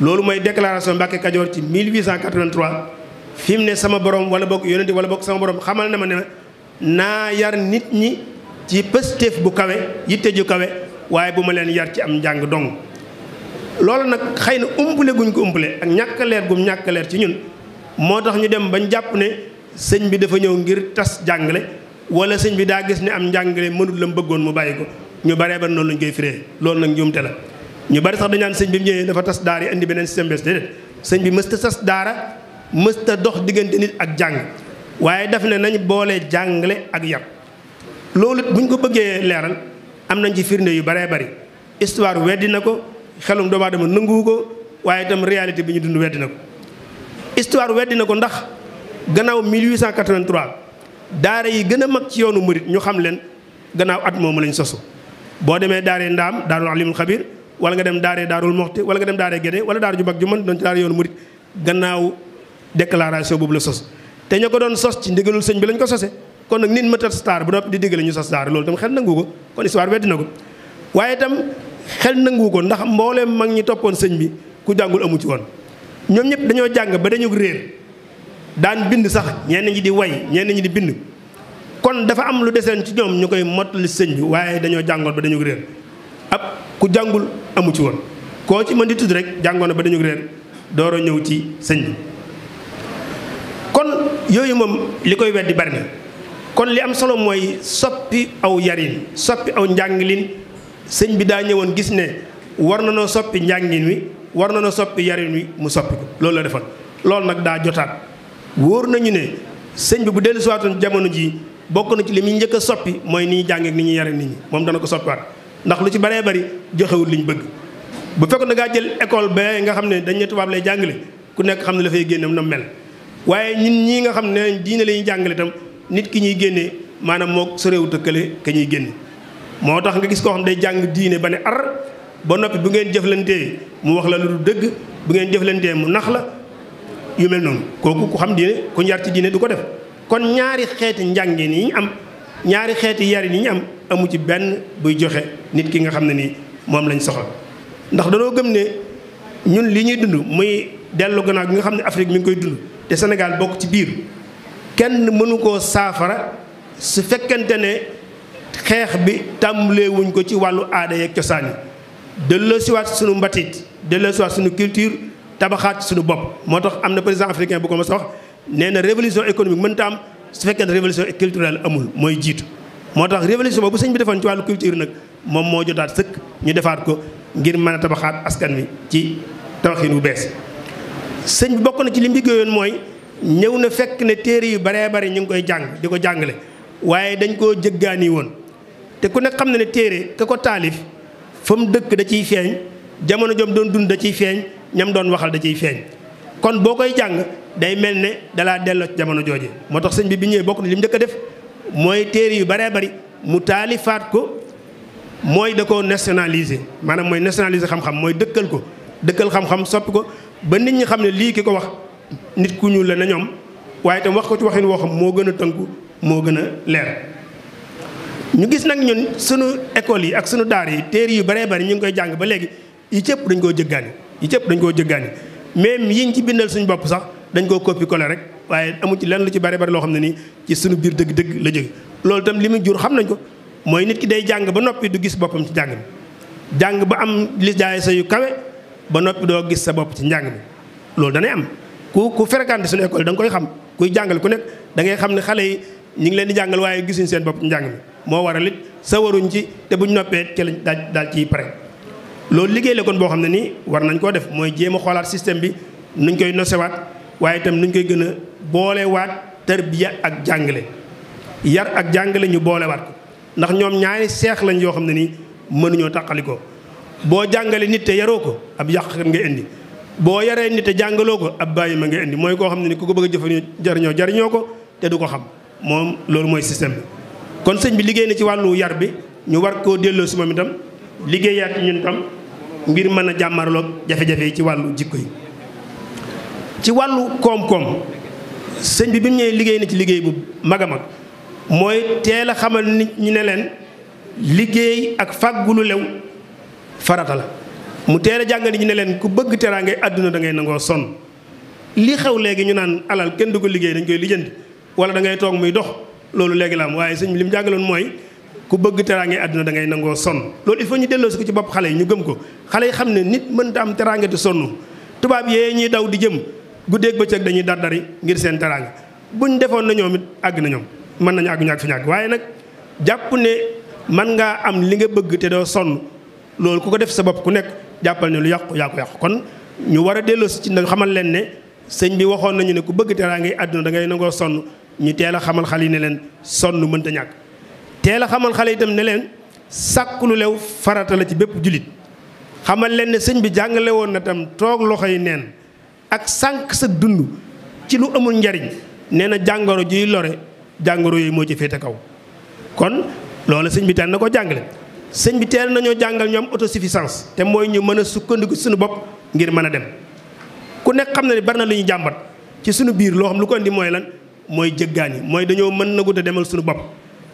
loolu mooy déclaration Mbàkke Kajoor ci 1883 fi mu ne sama borom wala bokk yonente wala bokk sama borom xamal na ma ne naa yar nit ñi ci pëstéef bu kawe yitte ju kawe waaye bu ma leen yar ci am njàng dong loolu nag xëy na umpale guñ ko umpale ak ñàkk leer gum ñàkk leer ci ñun moo tax ñu dem bañ jàpp ne sëñ bi dafa ñëw ngir tas jàngale wala sëñ bi daa gis ne am njàngale mënut la mu bëggoon mu bàyyi ko ñu bare ba noonu lañ koy firee loolu nag njuumte la ñu bari sax dañu sëñ bi ñëwee dafa tas daara yi indi beneen système bees déedéet sëñ bi mësta tas daara mësta dox diggante nit ak jàng waaye daf ne nañ boole jàngale ak yar loolu buñ ko bëggee leeral am nañ ci firnde yu baree bari xelum doomu aadama nanguwu ko waaye itam réalité bi ñu dund weddi na ko histoire weddi na ko ndax gannaaw 1883 daara yi gën a mag ci yoonu murit ñu xam leen gannaaw at moomu lañ sosu boo demee daaree ndaam daarul alimul xabir wala nga dem daaree daarul moxti wala nga dem daaree gédé wala daar ju mag ju mën doon ci daara yoonu murit gannaaw déclaration boobu la sos te ñoo ko doon sos ci ndigalul sëñ bi lañ ko sose kon nag nit ma tas taar bu noppi di sos daara loolu tam xel nangu ko kon histoire weddi na ko xel nangu ko ndax mbooleem mag ñi toppoon sëñ bi ku jàngul amu ci woon ñoom ñëpp dañoo jàng ba dañu réer daan bind sax ñenn ñi di way ñenn ñi di bind kon dafa am lu deseen ci ñoom ñu koy mottali sëñ bi waaye dañoo jàngoon ba dañu réer ab ku jàngul amu ci woon koo ci mën di tudd rek jàngoon ba dañu réer door ñëw ci sëñ bi kon yooyu moom li koy weddi bari na kon li am solo mooy soppi aw yarin soppi aw njànglin sëñ bi daa ñëwoon gis ne war na noo soppi njàngin wi war na noo soppi yarin wi mu soppi ko loolu la defal loolu nag daa jotaat wóor nañu ne sëñ bi bu dellu siwaatoon jamono jii bokk na ci li muy njëkk soppi mooy ni ñuy jàngee ak ni ñuy yare nit ñi moom dana ko soppiwaat ndax lu ci baree bari joxewul li ñu bëgg bu fekkoon da ngaa jël école ba nga xam ne dañ ne tubaab lay jàngale ku nekk xam ne la fay génne na mel waaye ñun ñii nga xam ne diine lañuy ñuy jàngale nit ki ñuy génnee maanaam moo sorewut a kële ka ñuy génne moo tax nga gis koo xam day jàng diine ba ne ar ba noppi bu ngeen jëflantee mu wax la lu dëgg bu ngeen jëflantee mu nax la yu mel noonu kooku ku xam diine ku njar ci diine du ko def kon ñaari xeeti njàngin yi ñu am ñaari xeeti yarin yi ñu am amu ci benn buy joxe nit ki nga xam ne nii moom lañ soxla ndax danoo gëm ne ñun li ñuy dund muy dellu naa gi nga xam ne Afrique mi ngi koy dund te Sénégal bokk ci biir kenn mënu koo saafara su fekkente ne xeex bi tàmbalee wuñ ko ci wàllu aada yeeg cosaan yi delloo suñu mbatit delloo siwaat suñu culture tabaxaat suñu bopp moo tax am na président africain bu ko ma sox nee na révolution économique mënta am su fekkee ne révolution culturelle amul mooy jiitu moo tax révolution boobu sëñ bi defoon ci wàllu culture nag moom moo jotaat sëkk ñu defaat ko ngir mën a tabaxaat askan wi ci tabaxin bu bees sëñ bi bokk na ci li mu liggéeyoon mooy ñëw na fekk ne téere yu baree bari ñu ngi koy jàng di ko jàngale waaye dañ koo jëggaani woon te ku nekk xam na ne téere ka ko taalif fa mu dëkk da ciy feeñ jamono jom doon dund da ciy feeñ ñam doon waxal da ciy feeñ kon boo koy jàng day mel ne dalaa delloo ci jamono jooje moo tax sëñ bi bi ñëwee bokk na li mu njëkk def mooy téere yu baree bari mu taalifaat ko mooy da ko nationaliser maanaam mooy nationaliser xam-xam mooy dëkkal ko dëkkal xam-xam soppi ko ba nit ñi xam ne lii ki ko wax nit ku ñuul la na ñoom waaye itam wax ko ci waxin woo xam moo gën a tënku moo gën a leer ñu gis nag ñun sunu école yi ak sunu daar yi téere yu baree bari ñu ngi koy jàng ba léegi yi cëpp dañ koo jëggaani yi cëpp dañ koo jëggaani même yiñ ci bindal suñu bopp sax dañ koo copier coller rek waaye amu ci lenn lu ci bare bari loo xam ne nii ci suñu biir dëgg-dëgg la jóge loolu tam li mu jur xam nañ ko mooy nit ki day jàng ba noppi du gis boppam ci jàng mi jàng ba am li jaay sa yu kawe ba noppi doo gis sa bopp ci njàng mi loolu danay am ku ku fréquenté suñu école koy xam kuy jàngal ku nekk da ngay xam ne xale ñi ngi leen di jàngal waaye gisuñ seen bopp njàng mi moo a lit sawaruñ ci te buñ noppee ci lañ daal daal ciy pare loolu liggéey la kon boo xam ne nii war nañ koo def mooy jéema a xoolaat système bi nuñ koy nosewaat waaye itam nuñ koy gën a boolewaat tarbiya ak jàngale yar ak jàngale ñu boolewaat ko ndax ñoom ñaari seex lañ yoo xam ne nii mënuñoo tàqalikoo boo jàngale nit te yaroo ko ab yàq nga indi boo yaree nit te jàngaloo ko ab bàyyi ma nga indi mooy koo xam ne ni ku ko bëgg a jëfandikoo jariñoo ko te du ko xam moom loolu mooy système bi kon sëñ bi liggéey na ci wàllu yar bi ñu war koo delloo si moom itam liggéeyaat ñun tam ngir mën a jàmmarloog jafe-jafe yi ci wàllu jikko yi ci wàllu koom-koom sëñ bi bi mu ñëwee liggéey na ci liggéey bu mag a mag mooy teel a xamal nit ñu ne leen liggéey ak fàggulu lew farata la mu teel a jàngal nit ne leen ku bëgg teraangay àdduna da ngay nangoo sonn li xew léegi ñu naan alal kenn du ko liggéey dañ koy lijjanti wala da ngay toog muy dox loolu léegi la am waaye sëñ bi li mu jàngaloon mooy ku bëgg teraange àdduna da ngay nangoo sonn loolu il faut ñu delloo ci bopp xale yi ñu gëm ko xale yi xam ne nit mënta am teraange te tubaab yee ñuy daw di jëm guddeeg bëccëg dañuy dardari ngir seen teraange buñ defoon na ñoom it àgg na mën nañu àgg ñu àgg fi waaye nag jàpp ne man ngaa am li nga bëgg te doo sonn loolu ku ko def sa bopp ku nekk jàppal ne lu yàqu yàqu yàqu kon ñu war a delloo si ci nag xamal leen ne sëñ bi waxoon nañu ne ku bëgg teraange àdduna da ngay nangoo sonn ñu teel a xamal xale yi ne leen sonn mënta ñàkk teel a xamal xale itam ne leen sàkku lu lew farata la ci bépp jullit xamal leen ne sëñ bi jàngale woon na tam toog loxo yi neen ak sànq sa dund ci lu amul njariñ nee na jàngoro jiy lore jàngoro yooyu moo ci féete kaw kon loolu sëñ bi tam na ko jàngale sëñ bi teel nañoo jàngal ñoom autosuffisance te mooy ñu mën a sukkandiku sunu bopp ngir mën a dem ku nekk xam na ne bari na lu ñuy jàmbat ci sunu biir loo xam lu ko mooy lan mooy jëggaani mooy dañoo mën nagu a demal suñu bopp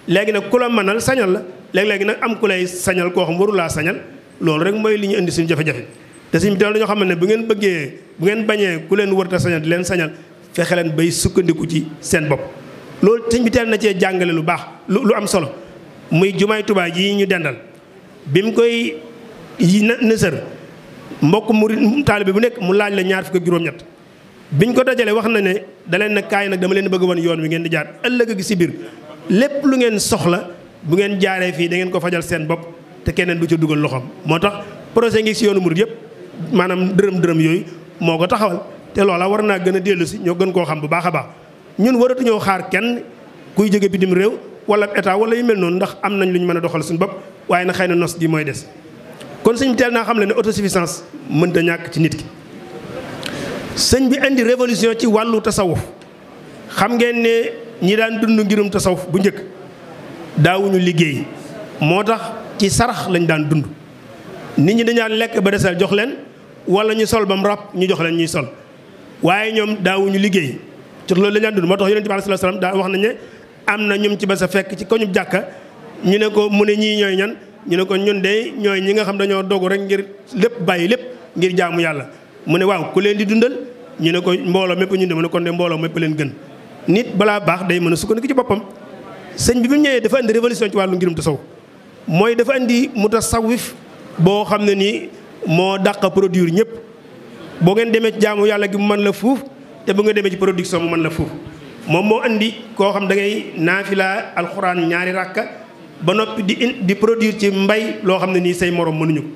léegi nag ku la mënal sañal la léeg-léegi nag am ku lay sañal koo xam waru laa sañal loolu rek mooy li ñu indi suñu jafe-jafe te suñu daal dañoo xam ne bu ngeen bëggee bu ngeen bañee ku leen wërta sañal di leen sañal fexe leen bay sukkandiku ci seen bopp loolu sëñ bi teel na cee jàngale lu baax lu am solo muy jumaay tubaay yi ñu dendal bi mu koy yi na nësër mbokk murit taalibe bu nekk mu laaj la ñaar fukk ak juróom-ñett biñ ko dajalee wax na ne da leen nag kaay nag dama leen bëgg woon yoon wi ngeen di jaar ëllëg gi si biir lépp lu ngeen soxla bu ngeen jaaree fii da ngeen ko fajal seen bopp te keneen du ca dugal loxoom moo tax projet ngi si yoonu murid yëpp maanaam dërëm dërëm yooyu moo ko taxawal te loola war naa gën a dellu si ñoo gën koo xam bu baax a baax ñun waratuñoo xaar kenn kuy jóge bitim réew wala état wala yu mel noonu ndax am nañ lu ñu mën a doxal suñu bopp waaye na xëy na nos gi mooy des kon suñu teel naa xam le ne autosuffisance mënta ñàkk ci nit ki sëñ bi indi révolution ci wàllu tasawuf xam ngeen ne ñi daan dund ngirum tasawuf bu njëkk daawuñu liggéey moo tax ci sarax lañ daan dund nit ñi dañaan lekk ba desal jox leen wala ñu sol ba mu rab ñu jox leen ñuy sol waaye ñoom daawuñu liggéey ci loolu lañ daan dund moo tax yonent bi alayhi salaam daa wax nañ ne am na ñum ci ba sa fekk ci koñub jàkka ñu ne ko mu ne ñii ñooy ñan ñu ne ko ñun de ñooy ñi nga xam dañoo dogu rek ngir lépp bàyyi lépp ngir jaamu yàlla mu ne waaw ku leen di dundal ñu ne ko mbooloo mépp ñu ne mu ne kon de mbooloo mépp leen gën nit balaa baax day mën a sukkandiku ci boppam sëñ bi bi mu ñëwee dafa indi révolution ci wàllu ngirum tasaw mooy dafa indi mutasawif boo xam ne nii moo dàq produire ñëpp boo ngeen demee ci jaamu yàlla gi mu mën la fuuf te bu nga demee ci production mu mën la fuuf moom moo indi koo xam dangay ngay naafila alxuraan ñaari ràkka ba noppi di di produire ci mbay loo xam ne nii say morom mënuñu ko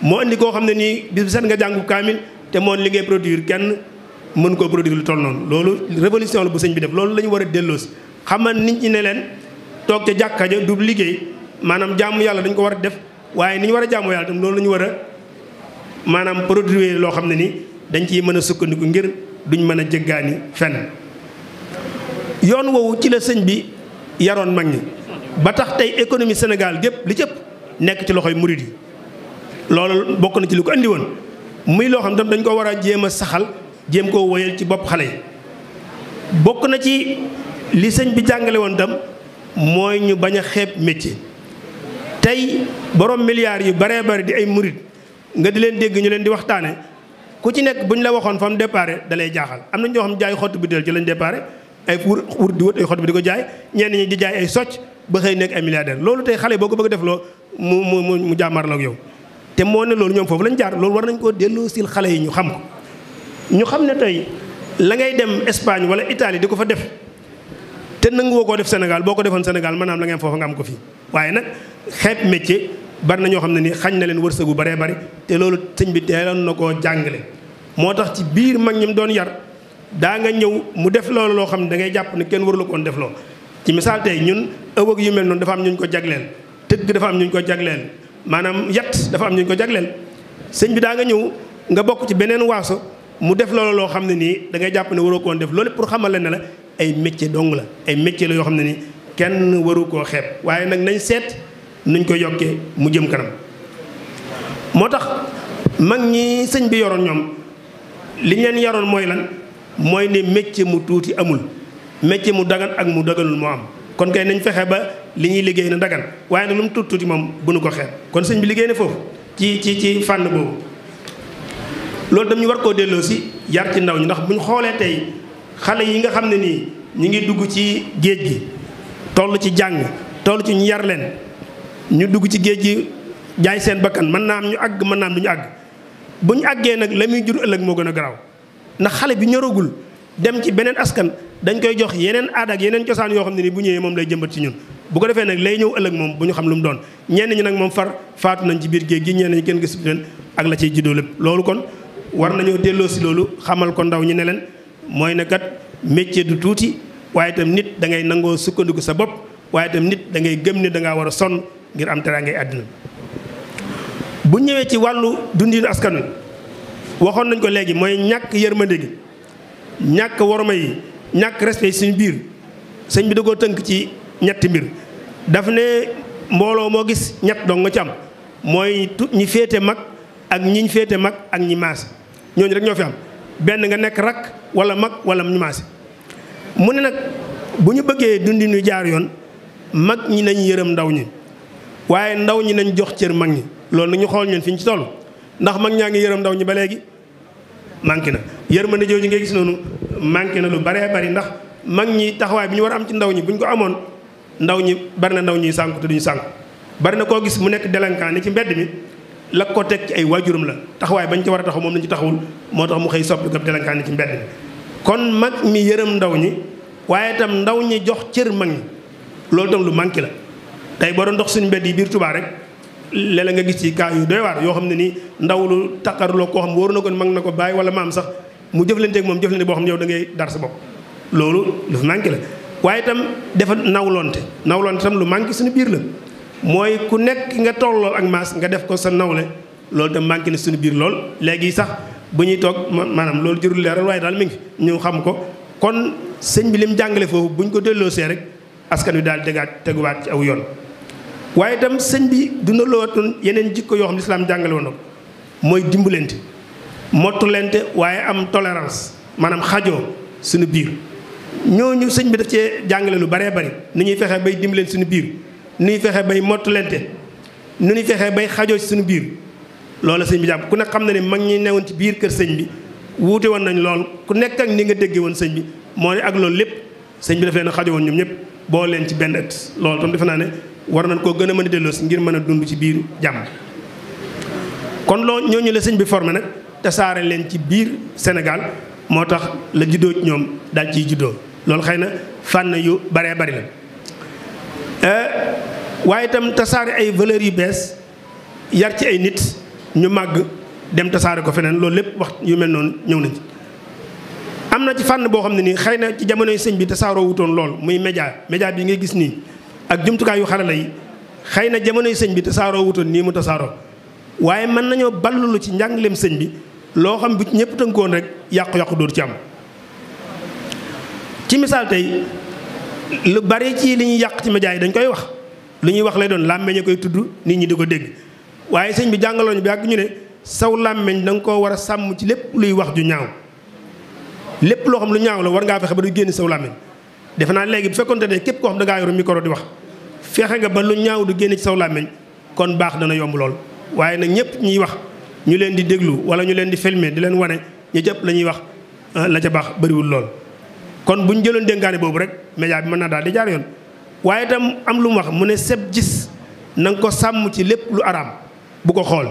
moo indi koo xam ne nii bis bu set nga jàngu kaamil te moon liggéey ngay produire kenn mën koo produire lu toll noonu loolu révolution bu sëñ bi def loolu la ñu war a delloosi xamal nit ñi ne leen toog ca jàkka ja du liggéey maanaam jàmm yàlla dañ ko war a def waaye ni ñu war a jaamu yàlla tam loolu la war a maanaam produire loo xam ne ni dañ ciy mën a sukkandiku ngir duñ mën a jéggaani fenn yoon woowu ci la sëñ bi yaroon mag ñi ba tax tey économie Sénégal gépp li cëpp nekk ci loxoy murid yi loolu bokk na ci li ko indi woon muy loo xam dam dañ ko war a jéem a saxal jéem koo woyal ci bopp xale yi bokk na ci li sëñ bi jàngale woon dam mooy ñu bañ a xeeb métier tey borom milliards yu baree bari di ay murit nga di leen dégg ñu leen di waxtaane ku ci nekk bu ñu la waxoon fa mu dalay da jaaxal am na ñoo xam jaay xottu del ci lañ déparé ay wur wur di wët ay xottu bi di ko jaay ñenn ñi di jaay ay socc ba xëy nekk ay milliardaire loolu tey xale boo ko bëgg def loo mu mu mu yow. te moo ne loolu ñoom foofu lañ jaar loolu war nañ koo delloo sil xale yi ñu xam ko ñu xam ne tey la ngay dem Espagne wala Italie di ko fa def te nangu koo def Sénégal boo ko defoon Sénégal maanaam la ngeen foofa nga am ko fii waaye nag xeet métier bari na ñoo xam ne nii xañ na leen wërsëgu baree bari te loolu sëñ bi teeloon na koo jàngale moo tax ci biir mag ñim doon yar daa nga ñëw mu def loolu loo xam ne da ngay jàpp ne kenn warula koon def loo ci misaal tey ñun ëwëg yu mel noonu dafa am ñu ñu ko jagleel tëgg dafa am ñu ko jagleel maanaam yat dafa am ñu ko jagleel sëñ bi daa nga ñëw nga bokk ci beneen waaso mu def loolu loo xam ne nii dangay jàpp ne waroo koo def loolu pour xamal leen ne la ay métier dong la ay métier la yoo xam ne nii kenn waru koo xeeb waaye nag nañ seet nuñ ko yokkee mu jëm kanam moo tax mag ñi sëñ bi yoroon ñoom li ñu leen yaroon mooy lan mooy ne métier mu tuuti amul métier mu dagan ak mu daganul moo am kon kay nañ fexe ba li ñuy liggéey na ndagan waaye nag lu mu tuuti tuuti moom bu nu ko xeet kon sëñ bi liggéey na foofu ci ci ci fànn boobu loolu dam ñu war koo delloo si yar ci ndaw ñi ndax bu ñu xoolee tey xale yi nga xam ne nii ñu ngi dugg ci géej gi toll ci jàng toll ci ñu yar leen ñu dugg ci géej gi jaay seen bakkan mën naa am ñu àgg mën naa am du ñu àgg bu ñu àggee nag la muy jur ëllëg moo gën a garaaw ndax xale bi ñoragul dem ci beneen askan dañ koy jox yeneen aada ak yeneen cosaan yoo xam ne nii bu ñëwee moom lay jëmbat ci ñun bu ko defee nag lay ñëw ëllëg moom bu ñu xam lu mu doon ñenn ñi nag moom far faatu nañ ci biir géej gi ñenn ñi kenn gisul leen ak la ciy juddoo lépp loolu kon war nañoo delloo si loolu xamal ko ndaw ñi ne leen mooy ne kat métier du tuuti waaye itam nit dangay ngay nangoo sukkandiku sa bopp waaye itam nit dangay ngay gëm ne da war a sonn ngir am teraangay àddina bu ñëwee ci wàllu dundinu askan waxoon nañ ko léegi mooy ñàkk yërmande gi ñàkk warma yi ñàkk respect suñu biir sëñ bi tënk ci ñetti mbir daf ne mbooloo moo gis ñett dong nga ci am mooy ñi féete mag ak ñiñ féete mag ak ñi maase ñooñu rek ñoo fi am benn nga nekk rakk wala mag wala ñu maase mu ne nag bu ñu bëggee dundi ñu jaar yoon mag ñi nañ yërëm ndaw ñi waaye ndaw ñi nañ jox cër mag ñi loolu nag ñu xool ñun fi ñu ci toll ndax mag ñaa ngi yërëm ndaw ñi ba léegi manqué na yërmande jooju ngay gis noonu manqué na lu baree bari ndax mag ñi taxawaay bi ñu war a am ci ndaw ñi buñ ko amoon ndaw ñi bari na ndaw ñuy sànku te duñu sànku bari na koo gis mu nekk délinquant ne ci mbedd mi la ko teg ci ay waajuram la taxawaay bañ ci war a taxaw moom lañ ci taxawul moo tax mu xëy soppi gab délinquant ne ci mbedd mi kon mag mi yërëm ndaw ñi waaye itam ndaw ñi jox cër mag ñi loolu tam lu manqué la tey boo doon dox suñu mbedd yi biir Touba rek léeg nga gis ci cas yu doy waar yoo xam ne nii ndaw lu taqarloo koo xam wóoru na ko mag na ko bàyyi wala maam sax mu jëflanteeg moom jëflante boo xam ne yow da ngay dar sa bopp loolu lu fi la waaye itam dafa nawlonte nawlonte itam lu manqué suñu biir la mooy ku nekk nga tolloo ak maas nga def ko sa nawle loolu itam manqué na suñu biir lool léegi sax bu ñuy toog maanaam loolu jërul leeral waaye daal mi ngi ñu xam ko kon sëñ bi lim jàngale foofu bu ñu ko delloosee rek askan wi daal tegaat teguwaat ci aw yoon waaye itam sëñ bi duna loowatoon yeneen jikko yoo xam ne lislaam jàngale woon mooy dimbalante mottulante waaye am tolérance maanaam xajoo suñu biir ñooñu sëñ bi def cee jàngale lu baree bari nu ñuy fexe bay leen suñu biir nu ñuy fexe bay mottulente nu ñuy fexe bay xajoo suñu biir loola sëñ bi jàpp ku ne xam na ne mag ñi newoon ci biir kër sëñ bi wuute woon nañ lool ku nekk ak ni nga déggee woon sëñ bi moo ne loolu lépp sëñ bi daf leen a woon ñoom ñëpp boo leen ci benn ëtt loolu defe naa ne war nañ koo gën a mën a delloosi ngir mën a dund ci biir jàmm kon loo ñooñu la sëñ bi formé nag te saare leen ci biir senegal moo tax la juddoo ci ñoom daal ciy juddoo loolu xay na fànn yu baree bari la eh, waaye itam tasaare ay valeurs yu bees yar ci ay nit ñu màgg dem tasaare ko feneen loolu lépp wax yu mel noonu ñëw nañ ci am na ci fànn boo xam ne nii xëy na ci jamonoy sëñ bi tasaaroo wutoon lool muy média média bi ngay gis nii ak jumtukaay yu xarala yi xëy na jamonoy sëñ bi tasaaroo wutoon nii mu tasaaroo waaye mën nañoo ballulu ci njàngaleem sëñ bi loo xam bu ñëpp tënkoon rek yàqu-yàqu dóor ci am ci misaal tey lu bari ci li ñuy yàq ci média yi dañ koy wax lu ñuy wax lay doon làmmeñ a koy tudd nit ñi di ko dégg waaye sëñ bi jàngaloo bi ak ñu ne saw làmmeñ danga nga koo war a sàmm ci lépp luy wax ju ñaaw lépp loo xam lu ñaaw la war ngaa fexe ba du génn saw làmmeñ defe naa léegi bu fekkonte ne képp koo xam da ngaa yor micro di wax fexe nga ba lu ñaaw du génn ci saw làmmeñ kon baax dana yomb lool waaye nag ñëpp ñuy wax ñu leen di déglu wala ñu leen di filmer di leen wane ñu jëpp la ñuy wax ah, la ca baax bëriwul lool. kon bu ñu jëloon dénkaane boobu rek média bi mën naa daal di jaar yoon waaye itam am lu mu wax mu ne seb gis ko sàmm ci lépp lu araam bu ko xool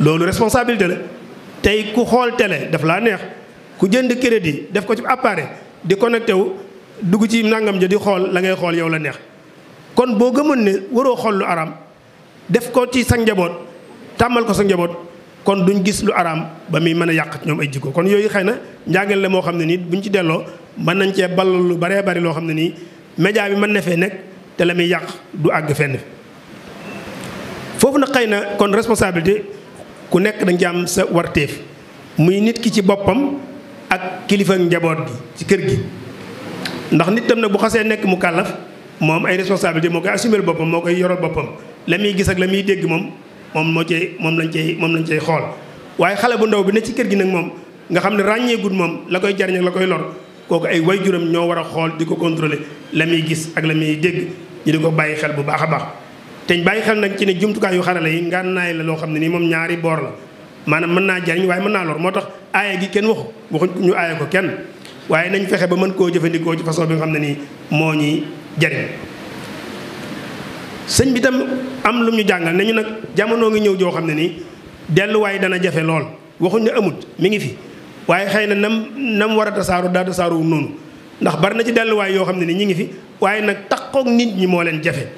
loolu responsabilité la tey ku xool télé daf laa neex ku jënd crédit def ko ci appareil di connecté wu dugg ci nangam ja di xool la ngay xool yow la neex kon boo gëmoon ne waroo xool lu araam def ko ci sa njaboot tàmmal ko sa njaboot kon duñ gis lu araam ba muy mën a yàq ñoom ay jikko kon yooyu xay na njàngale la moo xam ne nii buñ ci delloo mën nañ cee ballal lu baree bari loo xam ne nii média bi mën na fee nekk te la muy yàq du àgg fenn. foofu na xëy na kon responsabilité ku nekk dañ ci am sa warteef muy nit ki ci boppam ak kilifa njaboot gi ci kër gi ndax nit tam nag bu xasee nekk mu kàllaf moom ay responsabilité moo koy assumé boppam moo koy yoral boppam la muy gis ak dégg moom. moom moo cay moom lañ cay moom lañ cay xool waaye xale bu ndaw bi ne ci kër gi nag moom nga xam ne ràññeegul moom la koy jariñ ak la koy lor kooku ay way wayjuram ñoo war a xool di ko contrôler la muy gis ak la muy dégg ñu di ko bàyyi xel bu baax a baax te bàyyi xel nag ci ne jumtukaay yu la yi naay la loo xam ne nii moom ñaari boor la maanaam mën naa jariñ waaye mën naa lor moo tax aaya gi kenn waxu waxuñ ñu aaya ko kenn waaye nañ fexe ba mën koo jëfandikoo ci façon bi nga xam ne nii moo ñuy jariñ sëñ bi tam am lu ñu jàngal nañu nag jamonoo ngi ñëw joo xam ne nii delluwaay dana jafe lool waxuñ ne amut mi ngi fi waaye xëy na na nam war a tasaaru daa tasaaru noonu ndax bari na ci delluwaay yoo xam ne ni ñu ngi fi waaye nag takkook nit ñi moo leen jafe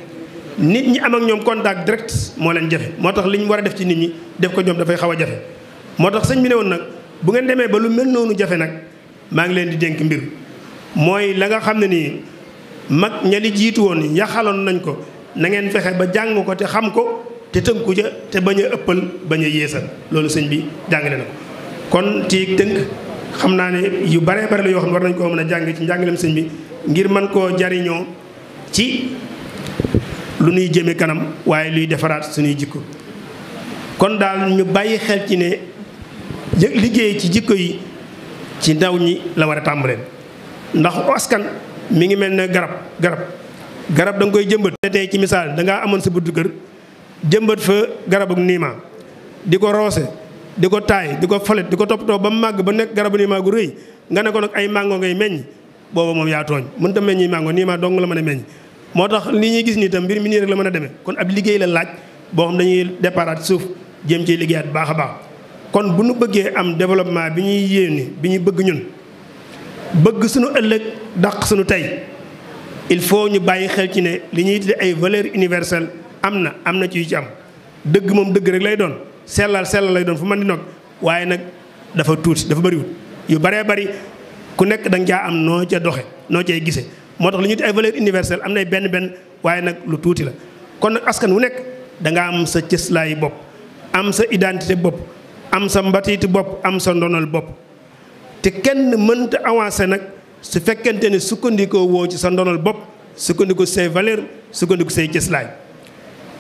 nit ñi am ak ñoom contact direct moo leen jafe moo tax li ñu war a def ci nit ñi def ko ñoom dafay xaw a jafe moo tax sëñ bi ne woon nag bu ngeen demee ba lu mel noonu jafe nag maa ngi leen di dénk mbir mooy la nga xam ne nii mag ña li jiitu woon yaxaloon nañ ko na ngeen fexe ba jàng ko te xam ko te tënku ja te bañ a ëppal bañ a yéesal loolu sëñ bi jàngale na ko kon tiig tënk xam naa ne yu baree bare la yoo xam ne war nañ koo mën a jàng ci njàngaleem sëñ bi ngir mën koo jariñoo ci lu nuy jëme kanam waaye luy defaraat suñuy jikko kon daal ñu bàyyi xel ci ne liggéey ci jikko yi ci ndaw ñi la war a tàmbaleen ndax askan mu ngi mel ne garab garab garab da nga koy jëmbat te tey ci misaal da ngaa amoon sa buntu kër jëmbat fa garabu niima di ko roose di ko taay di ko folet di ko toppatoo ba mu màgg ba nekk garabu niima gu rëy nga ne ko nag ay mango ngay meññ booba moom yaa tooñ mënut a meññi mango niima dong la mën a meññ. moo tax li ñuy gis nii tam mbir mi nii rek la mën a deme kon ab liggéey la laaj boo xam dañuy déparaat suuf jëm ci liggéeyaat baax a baax kon bu nu bëggee am développement bi ñuy yéene bi ñu bëgg ñun bëgg suñu ëllëg dàq suñu tey. il faut ñu bàyyi xel ci ne li ñuy tuddee ay valeurs universelles am na am na ci yu ci am dëgg moom dëgg rek lay doon sellal sellal lay doon fu mën di noog waaye nag dafa tuuti dafa bëriwul yu baree bari ku nekk da nga am noo ca doxe noo cay gisee moo tax li ñuy tuddee ay valeurs universelles am nay benn benn waaye nag lu tuuti la kon nag askan wu nekk da nga am sa cëslaayi bopp am sa identité bopp am sa mbatiitu bopp am sa ndonal bopp te kenn mënta avancer nag su fekkente ne sukkandikoo woo ci sa ndonal bopp sukkandiku say valeur sukkandiku say cëslaay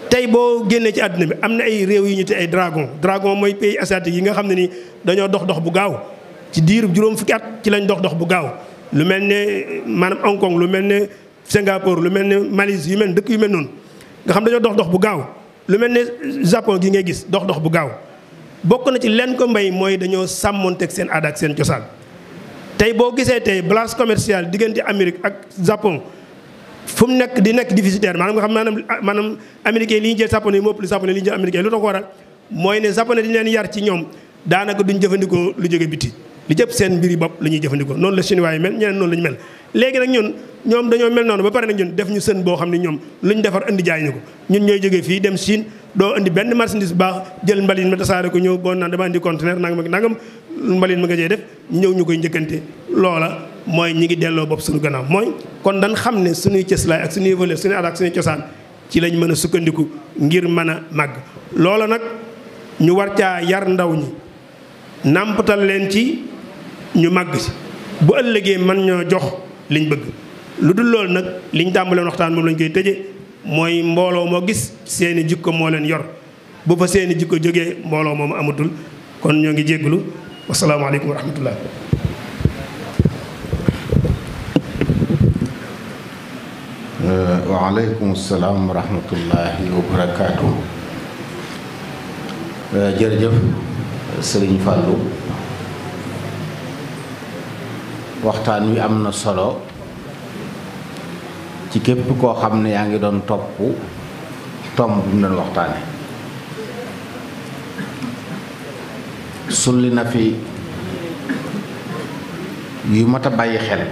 tey boo génnee ci àdduna bi am na ay réew yu ñu te ay dragon dragon mooy pays asiatique yi nga xam ne ni dañoo dox dox bu gaaw ci diir juróom fukki at ci lañ dox dox bu gaaw lu mel ne maanaam Hong lu mel ne Singapour lu mel ne Malaisie yu mel dëkk yu mel noonu nga xam dox dox bu gaaw lu mel ne Japon gi ngay gis dox dox bu gaaw bokk na ci leen ko mbay mooy dañoo sàmmoonteeg seen aada ak seen cosaan tey boo gisee tey balance commerciale diggante Amérique ak Japon fu mu nekk di nekk déficitaire maanaam nga xam maanaam maanaam américain li ñu jël japonais moo ëpp li japonais li ñu jël américain lu tax ko waral mooy ne japonais dañu leen yar ci ñoom daanaka duñ jëfandikoo lu jóge biti li jëpp seen mbiri bopp la ñuy jëfandikoo noonu la chinois yi mel ñeneen noonu la ñu léegi nag ñun ñoom dañoo mel noonu ba pare nag ñun def ñu sën boo xam ne ñoom lu ñu defar indi jaay ñu ko ñun ñooy jógee fii dem Chine doo indi benn marchandise bu baax jël mbalit ma tasaare ko ñëw boo naan dama indi conteneur nangam ak nangam mbalit ma nga jee def ñëw ñu koy njëkkante loola mooy ñi ngi delloo bopp suñu gannaaw mooy kon dañ xam ne suñuy cëslaay ak suñuy valeur suñuy aada ak suñuy cosaan ci lañ mën a sukkandiku ngir mën a màgg loola nag ñu war caa yar ndaw ñi nàmpatal leen ci ñu màgg si bu ëllëgee man ñoo jox liñ bëgg lu dul loolu nag liñ tàmbaleen waxtaan moom lañ koy tëje mooy mbooloo moo gis seeni jikko moo leen yor bu fa seeni jikko jógee mbooloo moom amatul kon ñoo ngi jégglu wasalaamaaleykum wa rahmatullah euh, waaleykum euh, jërëjëf sëriñ waxtaan wi am na solo ci képp koo xam ne yaa ngi doon topp tomb bi mu doon waxtaane sulli na fi yu mat a bàyyi xel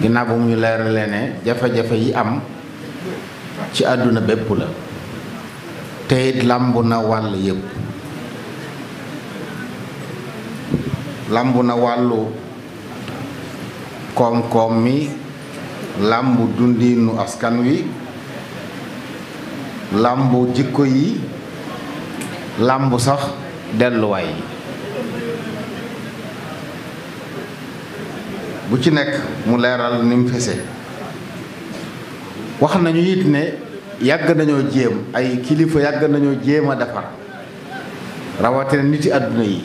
ginnaaw bu mu ñu leeralee ne jafe-jafe yi am ci àdduna bépp la te it làmb na wàll yépp làmb na wàllu koom-koom mi làmb dundiinu askan wi làmb jikko yi làmb sax delluwaay yi bu ci nekk mu leeral ni mu fese wax nañu it ne yàgg nañoo jéem ay kilifa yàgg nañoo jéem a defar rawatina nit yi àdduna yi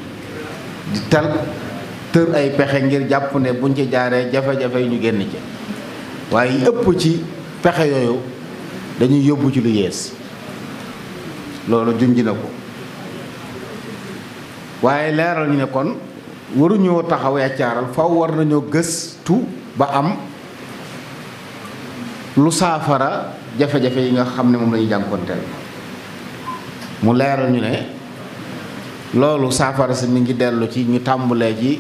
di tal tër ay pexe ngir jàpp ne buñ ci jaaree jafe-jafe yi ñu génn ci waaye ëpp ci pexe yooyu dañuy yóbbu ci lu yees loolu junj na ko waaye leeral ñu ne kon waruñoo taxaw yàccaaral faw war nañoo gëstu ba am lu saafara jafe-jafe yi nga xam ne moom la ñuy jànkoonteel mu leeral ñu ne loolu saafara si mi ngi dellu ci ñu tàmbulee ji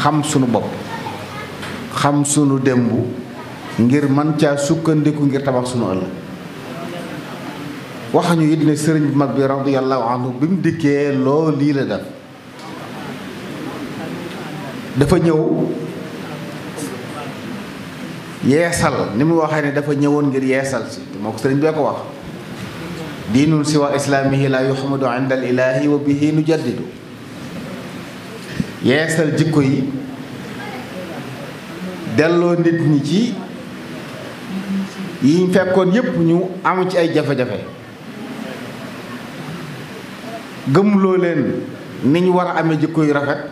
xam sunu bopp xam sunu démb ngir man caa sukkandiku ngir tabax sunu ëllëg wax ñu it ne sëriñ bu mag bi radiyallahu anhu bi mu dikkee loo lii la def dafa ñëw yeesal ni mu waxee ne dafa ñëwoon ngir yeesal si moo ko sëriñ bee ko wax diinun siwa islaamihi la yuhamadu inda al ilaahi wa bihi nu jaddidu yeesal jikko yi delloo nit ñi ci yiñ fekkoon yépp ñu am ci ay jafe-jafe gëmloo leen niñ war a amee jikko yu rafet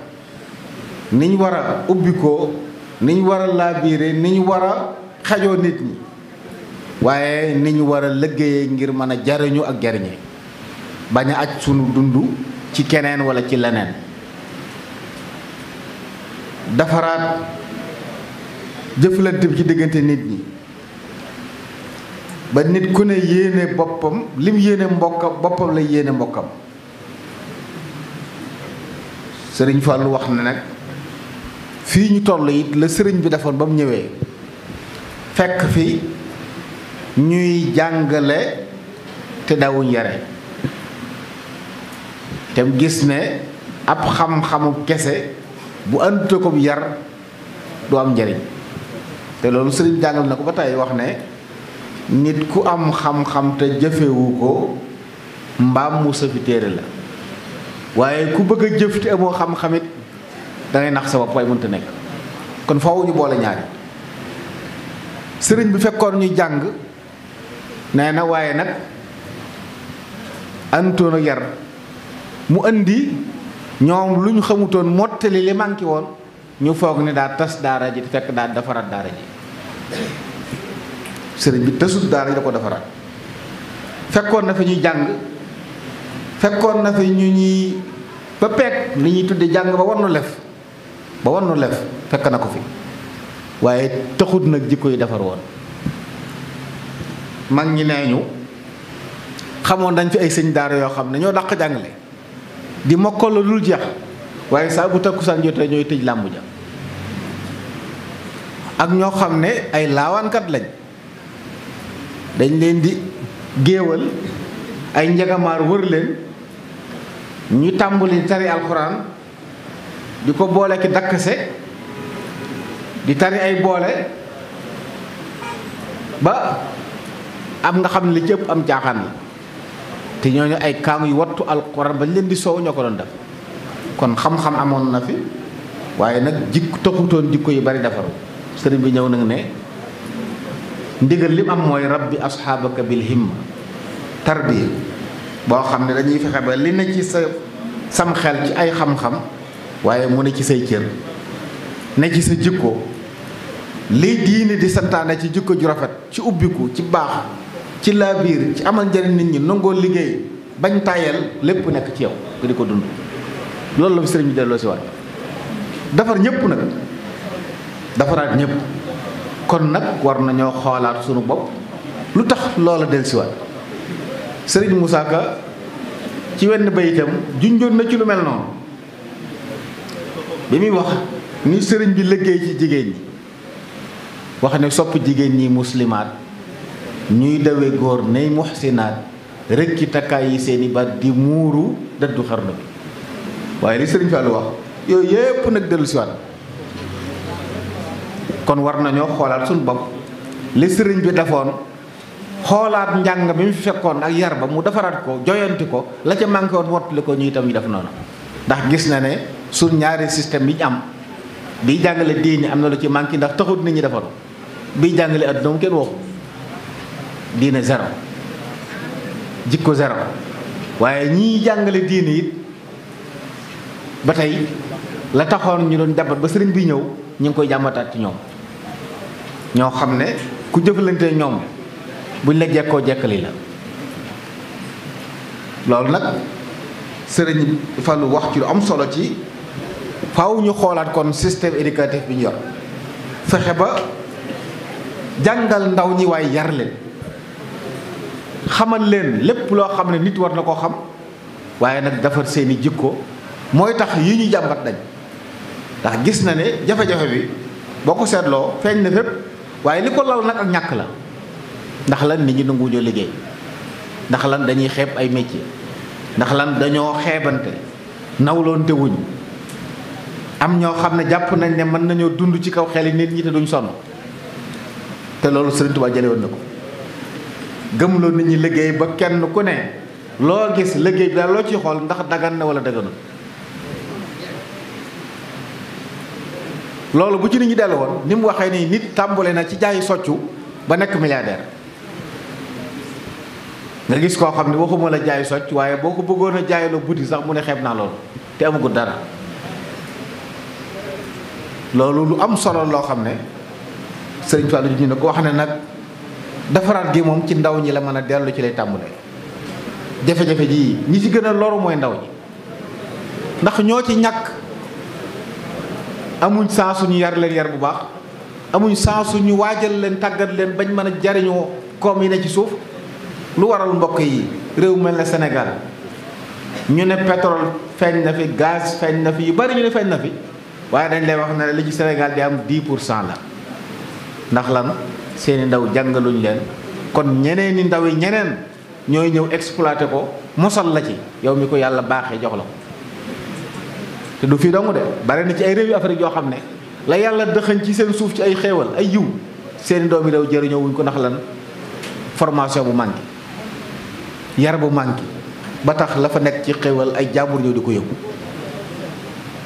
niñ war a ubbikoo niñ war a laabiire niñ war a xajoo nit ñi waaye niñ war a liggéeyee ngir mën a jariñu ak jariñe bañ a aj sunu dund ci keneen wala ci leneen defaraat jëflante bi ci diggante nit ñi ba nit ku ne yéene boppam lim yéene mbokkam boppam la yéene mbokkam Sëriñ Fàllu wax na nag fii ñu toll it la sëriñ bi defoon ba mu ñëwee fekk fi ñuy jàngale te dawuñ yare te mu gis ne ab xam-xamu kese bu àndute ko yar du am njariñ te loolu sëriñ jàngal na ko ba tey wax ne nit ku am xam-xam te jëfewu ko mbaam mu safi téere la waaye ku bëgg a jëf te amoo xam-xamit da nax sa bopp waaye mënta nekk kon faaw ñu boole ñaari sëriñ bi fekkoon ñu jàng nee na waaye nag antoon ak yar mu indi ñoom lu ñu xamutoon mottali li woon ñu foog ni daa tas daara ji fekk daa defaraat daara ji sëriñ bi tasut daara ji da ko defaraat fekkoon na fi ñuy jàng fekkoon na fi ñu ñuy ba peeg ñuy tudde jàng ba war nu lef ba war nu lef fekk na ko fi waaye taxut nag jikko yi defar woon mag ñi nee ñu xamoon dañ fi ay sëñ daara yoo xam ne ñoo daq jàngle di mokkal la dul jeex waaye saa bu takkusaan jotee ñooy tëj làmb ja ak ñoo xam ne ay laawaankat lañ dañ leen di géewal ay njagamaar wër leen ñu tàmbali tari alxuraan di ko boole ki dakkase di tari ay boole ba am nga xam ne li ci am jaaxaan la te ñooñu ay kaang yu wattu alquran ba leen di soow ñoo ko doon def kon xam-xam amoon na fi waaye nag jikk taxutoon jikko yu bari defaru sëriñ bi ñëw nag ne ndigal lim am mooy rab bi asxaabaka bil himma tarbiya boo xam ne dañuy fexe ba li ne ci sa sam xel ci ay xam-xam waaye mu ne ci say cër ne ci sa jikko li diine di santaane ci jikko ju rafet ci ubbiku ci baax ci laabiir ci amal njariñ nit ñi nangoo liggéey bañ tayel lépp nekk ci yow nga di ko dund loolu la fi sëriñ bi delloo si waat defar ñëpp nag defaraat ñëpp kon nag war nañoo xoolaat sunu bopp lu tax loola del siwaat waat sëriñ Moussa ci wenn bayitam junjoon na ci lu mel noonu bi muy wax ni sëriñ bi liggéey ci jigéen ñi wax ne sopp jigéen ñi muslimaat ñuy dawe góor ney muxsinaat rëkki takkaay yi seeni baat di muuru dëddu xarnu bi waaye li sëriñ Fallu wax yooyu yépp nag dellu si waat kon war nañoo xoolaat suñu bopp li sëriñ bi defoon xoolaat njàng bi mu fekkoon ak yar ba mu defaraat ko joyanti ko la ca manqué woon ko ñu itam ñu def noonu ndax gis na ne suñ ñaari système yi ñu am bi jàngale diini am na lu ci manqué ndax taxut nit ñi defaru bi jàngale adduna mu kenn waxu diine zéro jikko zéro waaye ñi jàngale diine it ba tey la taxoon ñu doon jàmbat ba sëriñ bi ñëw ñu ngi koy jàmbataat ci ñoom ñoo xam ne ku jëflante ñoom buñ la jekkoo jekkali la loolu nag sëriñ Fallou wax ci lu am solo ci faw ñu xoolaat kon système éducatif bi ñu yor fexe ba jàngal ndaw ñi waaye yar leen xamal leen lépp loo xam ne nit war na koo xam waaye nag defar seeni jikko mooy tax yi ñu jàmbat dañ ndax gis na ne jafe-jafe bi boo ko seetloo feeñ na lépp waaye li ko lal nag ak ñàkk la ndax lan nit ñi nanguwuñoo liggéey ndax lan dañuy xeeb ay métier ndax lan dañoo xeebante nawloonte wuñ am ñoo xam ne jàpp nañ ne mën nañoo dund ci kaw xel yi nit ñi te duñ sonn te loolu Sëriñ Tuubaa jële woon na ko gëmloo nit ñi liggéey ba kenn ku ne loo gis liggéey bi daal loo ciy xool ndax dagan na wala daganul loolu bu ci nit ñi dellu woon ni mu waxee nii nit tàmbale na ci jaayi soccu ba nekk milliardaire nga gis koo xam ne waxuma la jaayi socc waaye boo ko bëggoon a jaayaloo buti sax mu ne xeeb naa loolu te amagul dara loolu lu am solo loo xam ne sëriñ Fallou ñu ne ko wax ne nag defaraat gi moom ci ndaw ñi la mën a dellu ci lay tàmbalee jafe-jafe ji ñi ci gën a loru mooy ndaw ñi ndax ñoo ci ñàkk amuñ saa suñu yar leen yar bu baax amuñ saa ñu waajal leen tàggat leen bañ mën a jariñoo koom yi ne ci suuf lu waral mbokk yi réew mel ne senegal ñu ne pétrole feeñ na fi gaz feeñ na fi yu bari ñu ne feeñ na fi waaye dañ lay wax ne li ci Sénégal di am 10 pour cent la ndax lan seeni ndaw jàngaluñ leen kon ñeneen i ndaw yi ñeneen ñooy ñëw exploité ko mosal la ci yow mi ko yàlla baaxee jox la ko te du fii dong de bari na ci ay réew yu Afrique yoo xam ne la yàlla dëxañ ci seen suuf ci ay xéewal ay yiw seeni doom yi daw jëriñoo wuñ ko ndax lan formation bu manqué yar bu manqué ba tax la fa nekk ci xéewal ay jàmbur ñëw di ko yóbbu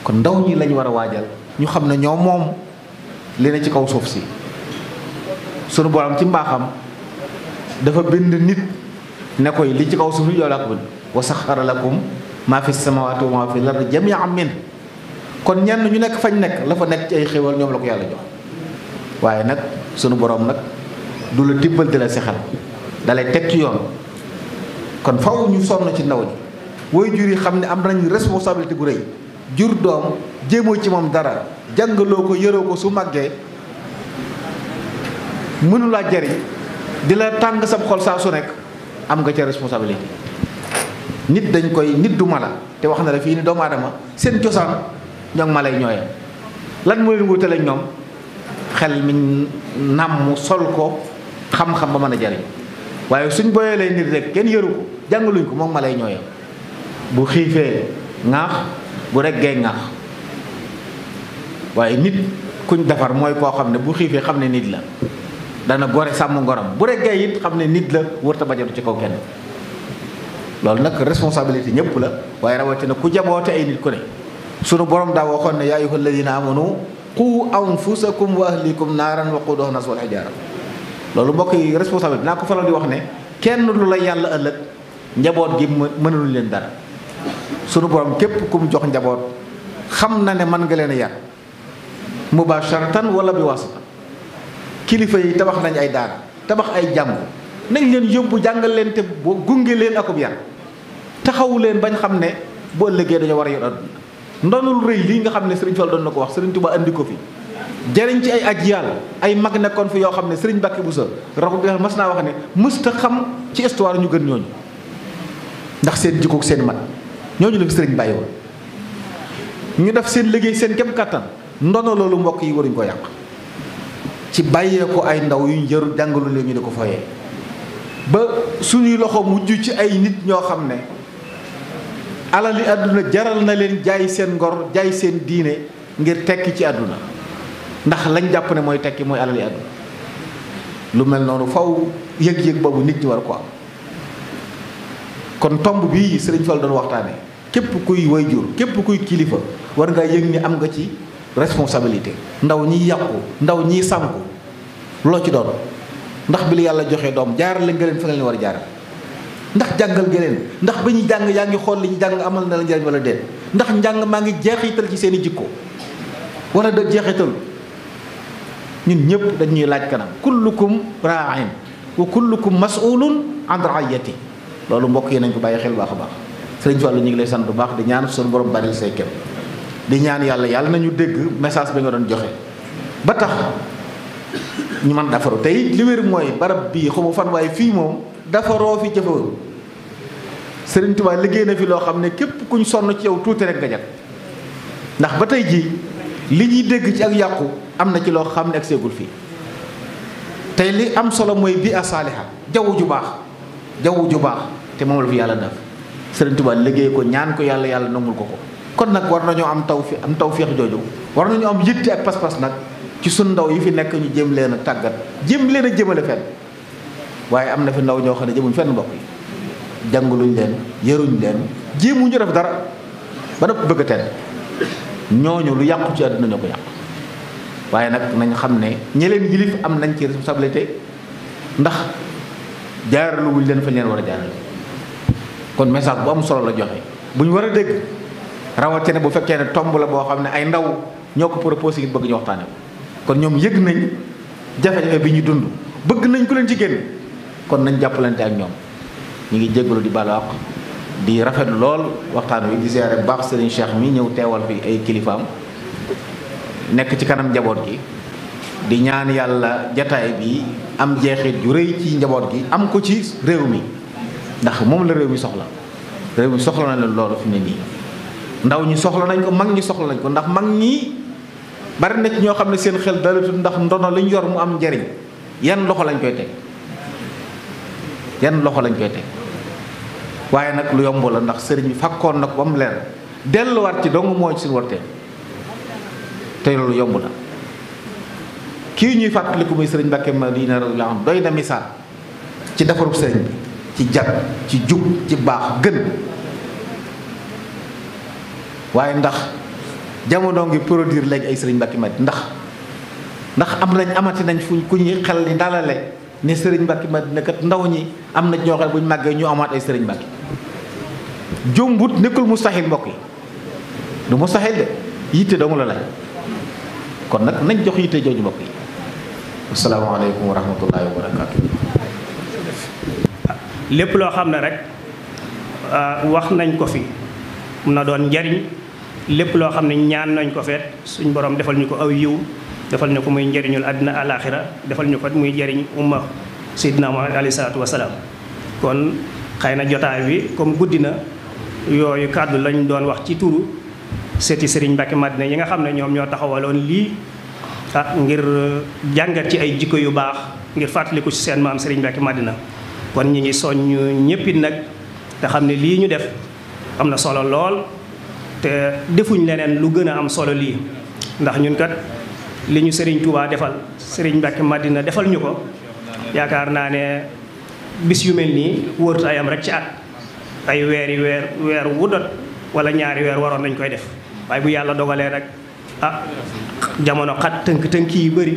kon ndaw ñi lañu war a waajal ñu xam ne ñoom moom li ne ci kaw suuf si sunu borom ci mbaaxam dafa bind nit ne koy li ci kaw suuf si yow laa ko bind wa maa fi sama wa maa fi lard jami'an min kon ñenn ñu nekk fañ nekk la fa nekk ci ay xéwal ñoom la ko yàlla jox waaye nag sunu boroom nag du la tibbal di la si xel dalay teg ci yoon kon faw ñu sonn ci ndaw ñi woy jur yi xam ne am nañu responsabilité bu rëy jur doom jéemoo ci moom dara jàngaloo ko yëroo ko su màggee mënulaa jariñ di la tàng sab xol saa su nekk am nga ca responsabilité nit dañ koy nit du mala te wax na la fii ni doomu aadama seen cosaan ñoom mala yi ñooyam lan moo leen wutale ñoom xel mi nàmm sol ko xam-xam ba mën a jariñ waaye suñ boyee lay nit rek kenn yëru ko jàngaluñ ko moom mala yi ñooyam bu xiifee ŋaax bu reggee ngax waaye nit kuñ defar mooy koo xam ne bu xiifee xam ne nit la dana gore sàmm ngoram bu reggee it xam ne nit la wërta bajatu ci kaw kenn loolu nag responsabilité ñëpp la waaye rawatina ku jaboote ay nit ku ne sunu borom daa waxoon ne yaa ayyuha alladina amanu qu anfusakum wa ahlikum naaran waquduha nas wal hijaara loolu mbokk yi responsabilité naa ko faral di wax ne kenn lu la yàlla ëllëg njaboot gi mënaluñ leen dara sunu borom képp ku mu jox njaboot xam na ne man nga leen a yar mubasharatan walla bi wasita kilifa yi tabax nañ ay daara tabax ay jàmm nañ leen yóbbu jàngal leen te boo gunge leen akub yar taxawu leen bañ xam ne boo ëllëgee dañoo war a yor àdduna ndonul rëy lii nga xam ne sëriñ Fall doon na ko wax sëriñ Tuba andi ko fi jëriñ ci ay aj yàlla ay mag nekkoon fi yoo xam ne sëriñ Mbàkke Buso raxu bi mas naa wax ne mësta xam ci histoire ñu gën ñooñu ndax seen jikkook seen mat ñooñu la fi sëriñ bàyyi ñu def seen liggéey seen kem kàttan ndono loolu mbokk yi waruñ ko yàq ci bàyyee ko ay ndaw yu ñu jarul jàngalu leen ñu di ko foyee ba suñuy loxo mujj ci ay nit ñoo xam ne alali àdduna jaral na leen jaay seen ngor jaay seen diine ngir tekki ci àdduna ndax lañ jàpp ne mooy tekki mooy alali àdduna lu mel noonu faw yëg-yëg boobu nit ñi war ko am kon tomb bii Sëriñ Fall doon waxtaanee. képp kuy wayjur képp kuy kilifa war nga yëg ni am nga ci responsabilité ndaw ñiy yàqu ndaw ñiy sànku loo ci doon ndax bi la yàlla joxe doom jaarale nga leen fa nga leen war a jaaral ndax jàngal nga ndax ba ñuy jàng yaa ngi xool li ñu jàng amal na la njariñ wala déet ndax njàng maa ngi jeexital ci seeni i jikko wala da jeexital ñun ñëpp dañuy laaj kanam kullukum raain wa kullukum mas'ulun an raayati loolu mbokk yi nañ ko bàyyi xel a baax sëñ Fallou ñu ngi lay sant bu baax di ñaan suñu borom baril say kem di ñaan yàlla yàlla na ñu dégg message bi nga doon joxe ba tax ñu mën defaru tey li wér mooy barab bii xamu fan waaye fii moom defaroo fi jëfewul Sëriñ Tuubaa liggéey na fi loo xam ne képp kuñ sonn ci yow tuuti rek nga jag ndax ba tey jii li ñuy dégg ci ak yàqu am na ci loo xam ne ak seegul fii tey li am solo mooy bi a saaliha jaww ju baax jaww ju baax te moom la fi yàlla def sëriñ Tuubaa liggéey ko ñaan ko yàlla yàlla nangul ko ko kon nag war nañoo am taw fi am taw féex jooju war nañoo am yitte ak pas-pas nag ci sun ndaw yi fi nekk ñu jëm leen tàggat jëm leen a jëmale fenn waaye am na fi ndaw ñoo xam ne jëmuñ fenn mbokk jàngaluñ leen yaruñ leen jéemuñu def dara ba bëgg a teen ñooñu lu yàqu ci àdduna ko waaye nag nañ xam ne ñi leen yilif am nañ ci responsabilité ndax jaaraluwuñ leen fa leen war a jaarale kon message bu am solo la joxe bu ñu war a dégg rawatina bu fekkee ne tomb la boo xam ne ay ndaw ñoo ko pour proposé ngir bëgg ñu waxtaane ko kon ñoom yëg nañ jafe-jafe bi ñu dund bëgg nañ ko leen jigéen kon nañu jàppalante ak ñoom ñu ngi jéggalu di baal di rafet lool waxtaan wi di ziare bu baax Serigne Cheikh mi ñëw teewal fi ay kilifaam nekk ci kanam njaboot gi di ñaan yàlla jataay bi am jeexit ju rëy ci njaboot gi am ko ci réew mi ndax moom la réew mi soxla réew mi soxla na leen loolu fi ne nii ndaw ñi soxla nañ ko mag ñi soxla nañ ko ndax mag ñi bari na ñoo xam ne seen xel dalatul ndax ndono li ñu yor mu am njariñ yan loxo lañ koy teg yan loxo lañ koy teg waaye nag lu yomb la ndax sëriñ bi fakkoon nag ko ba leer delluwaat ci dong mooy suñu wartee te loolu yomb la kii ñuy fàttaliku muy sëriñ Mbàkke Madina radiyallaahu anhu doy na misaal ci defarub sëriñ bi ci jag ci jub ci baax gën waaye ndax jamono ngi produire léegi ay sëriñ Mbacke Madina ndax ndax am nañ amati nañ fuñ ku ñuy xel ni dalale ne sëriñ Mbacke Madina kat ndaw ñi am na ñoo xam buñ màggee ñu amaat ay sëriñ Mbacke jombut nekkul mustahil mbokk yi du mustahil de yitte dong la lañ kon nag nañ jox yitte jooju mbokk yi asalaamaaleykum wa rahmatullahi wa barakatu lépp loo xam ne rek euh, wax nañ ko fi mun na doon njariñ lépp loo xam ne ñaan nañ ko feet suñ borom defal ñu ko aw yiw defal ñu ko muy njariñul àddina alaxira defal ñu ko muy njariñ umma sayyidina Muhammad alayhi salaatu wasalaam kon xëy na jotaay bi comme guddi na yooyu kàddu lañ doon wax ci turu seeti Serigne Mbacke Madina yi nga xam ne ñoom ñoo taxawaloon lii ah ngir jàngat ci ay jikko yu baax ngir fàttaliku ci seen maam Serigne Mbacke Madina kon ñi ngi soññ ñëppit nag te xam ne lii ñu def am na solo lool te defuñ leneen lu gën a am solo lii ndax ñun kat li ñu sëriñ Touba defal sëriñ Mbacke màddina defal ñu ko yaakaar naa ne bis yu mel nii wóorut ay am rek ci at ay weeri weer weer wu dot wala ñaari weer waroon nañ koy def waaye bu yàlla dogalee rek ah jamono xat tënk-tënk yi bëri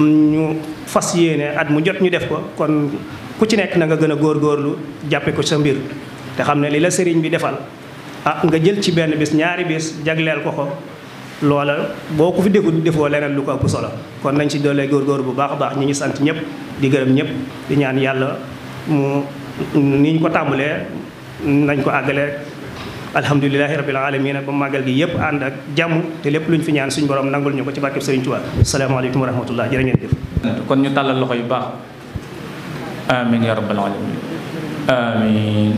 ñu fas yéene at mu jot ñu def ko kon ku ci nekk na nga gën a góor góorlu jàppe ko sa mbir te xam ne li la sëriñ bi defal ah nga jël ci benn bis ñaari bis jagleel ko ko loola boo ko fi deful defoo leneen lu ko ëpp solo kon nañ ci doolee góorgóor bu baax a baax ñi ngi sant ñëpp di gërëm ñëpp di ñaan yàlla mu ni ñu ko tàmbalee nañ ko àggale alhamdulilahi rabil alamina ba màggal gi yëpp ànd ak jàmm te lépp luñ fi ñaan suñ borom nangul ñu ko ci barkeb Sëriñ Tuubaa salaamaaleykum wa rahmatullah jërë ngeen amin ya rabbal alamin amin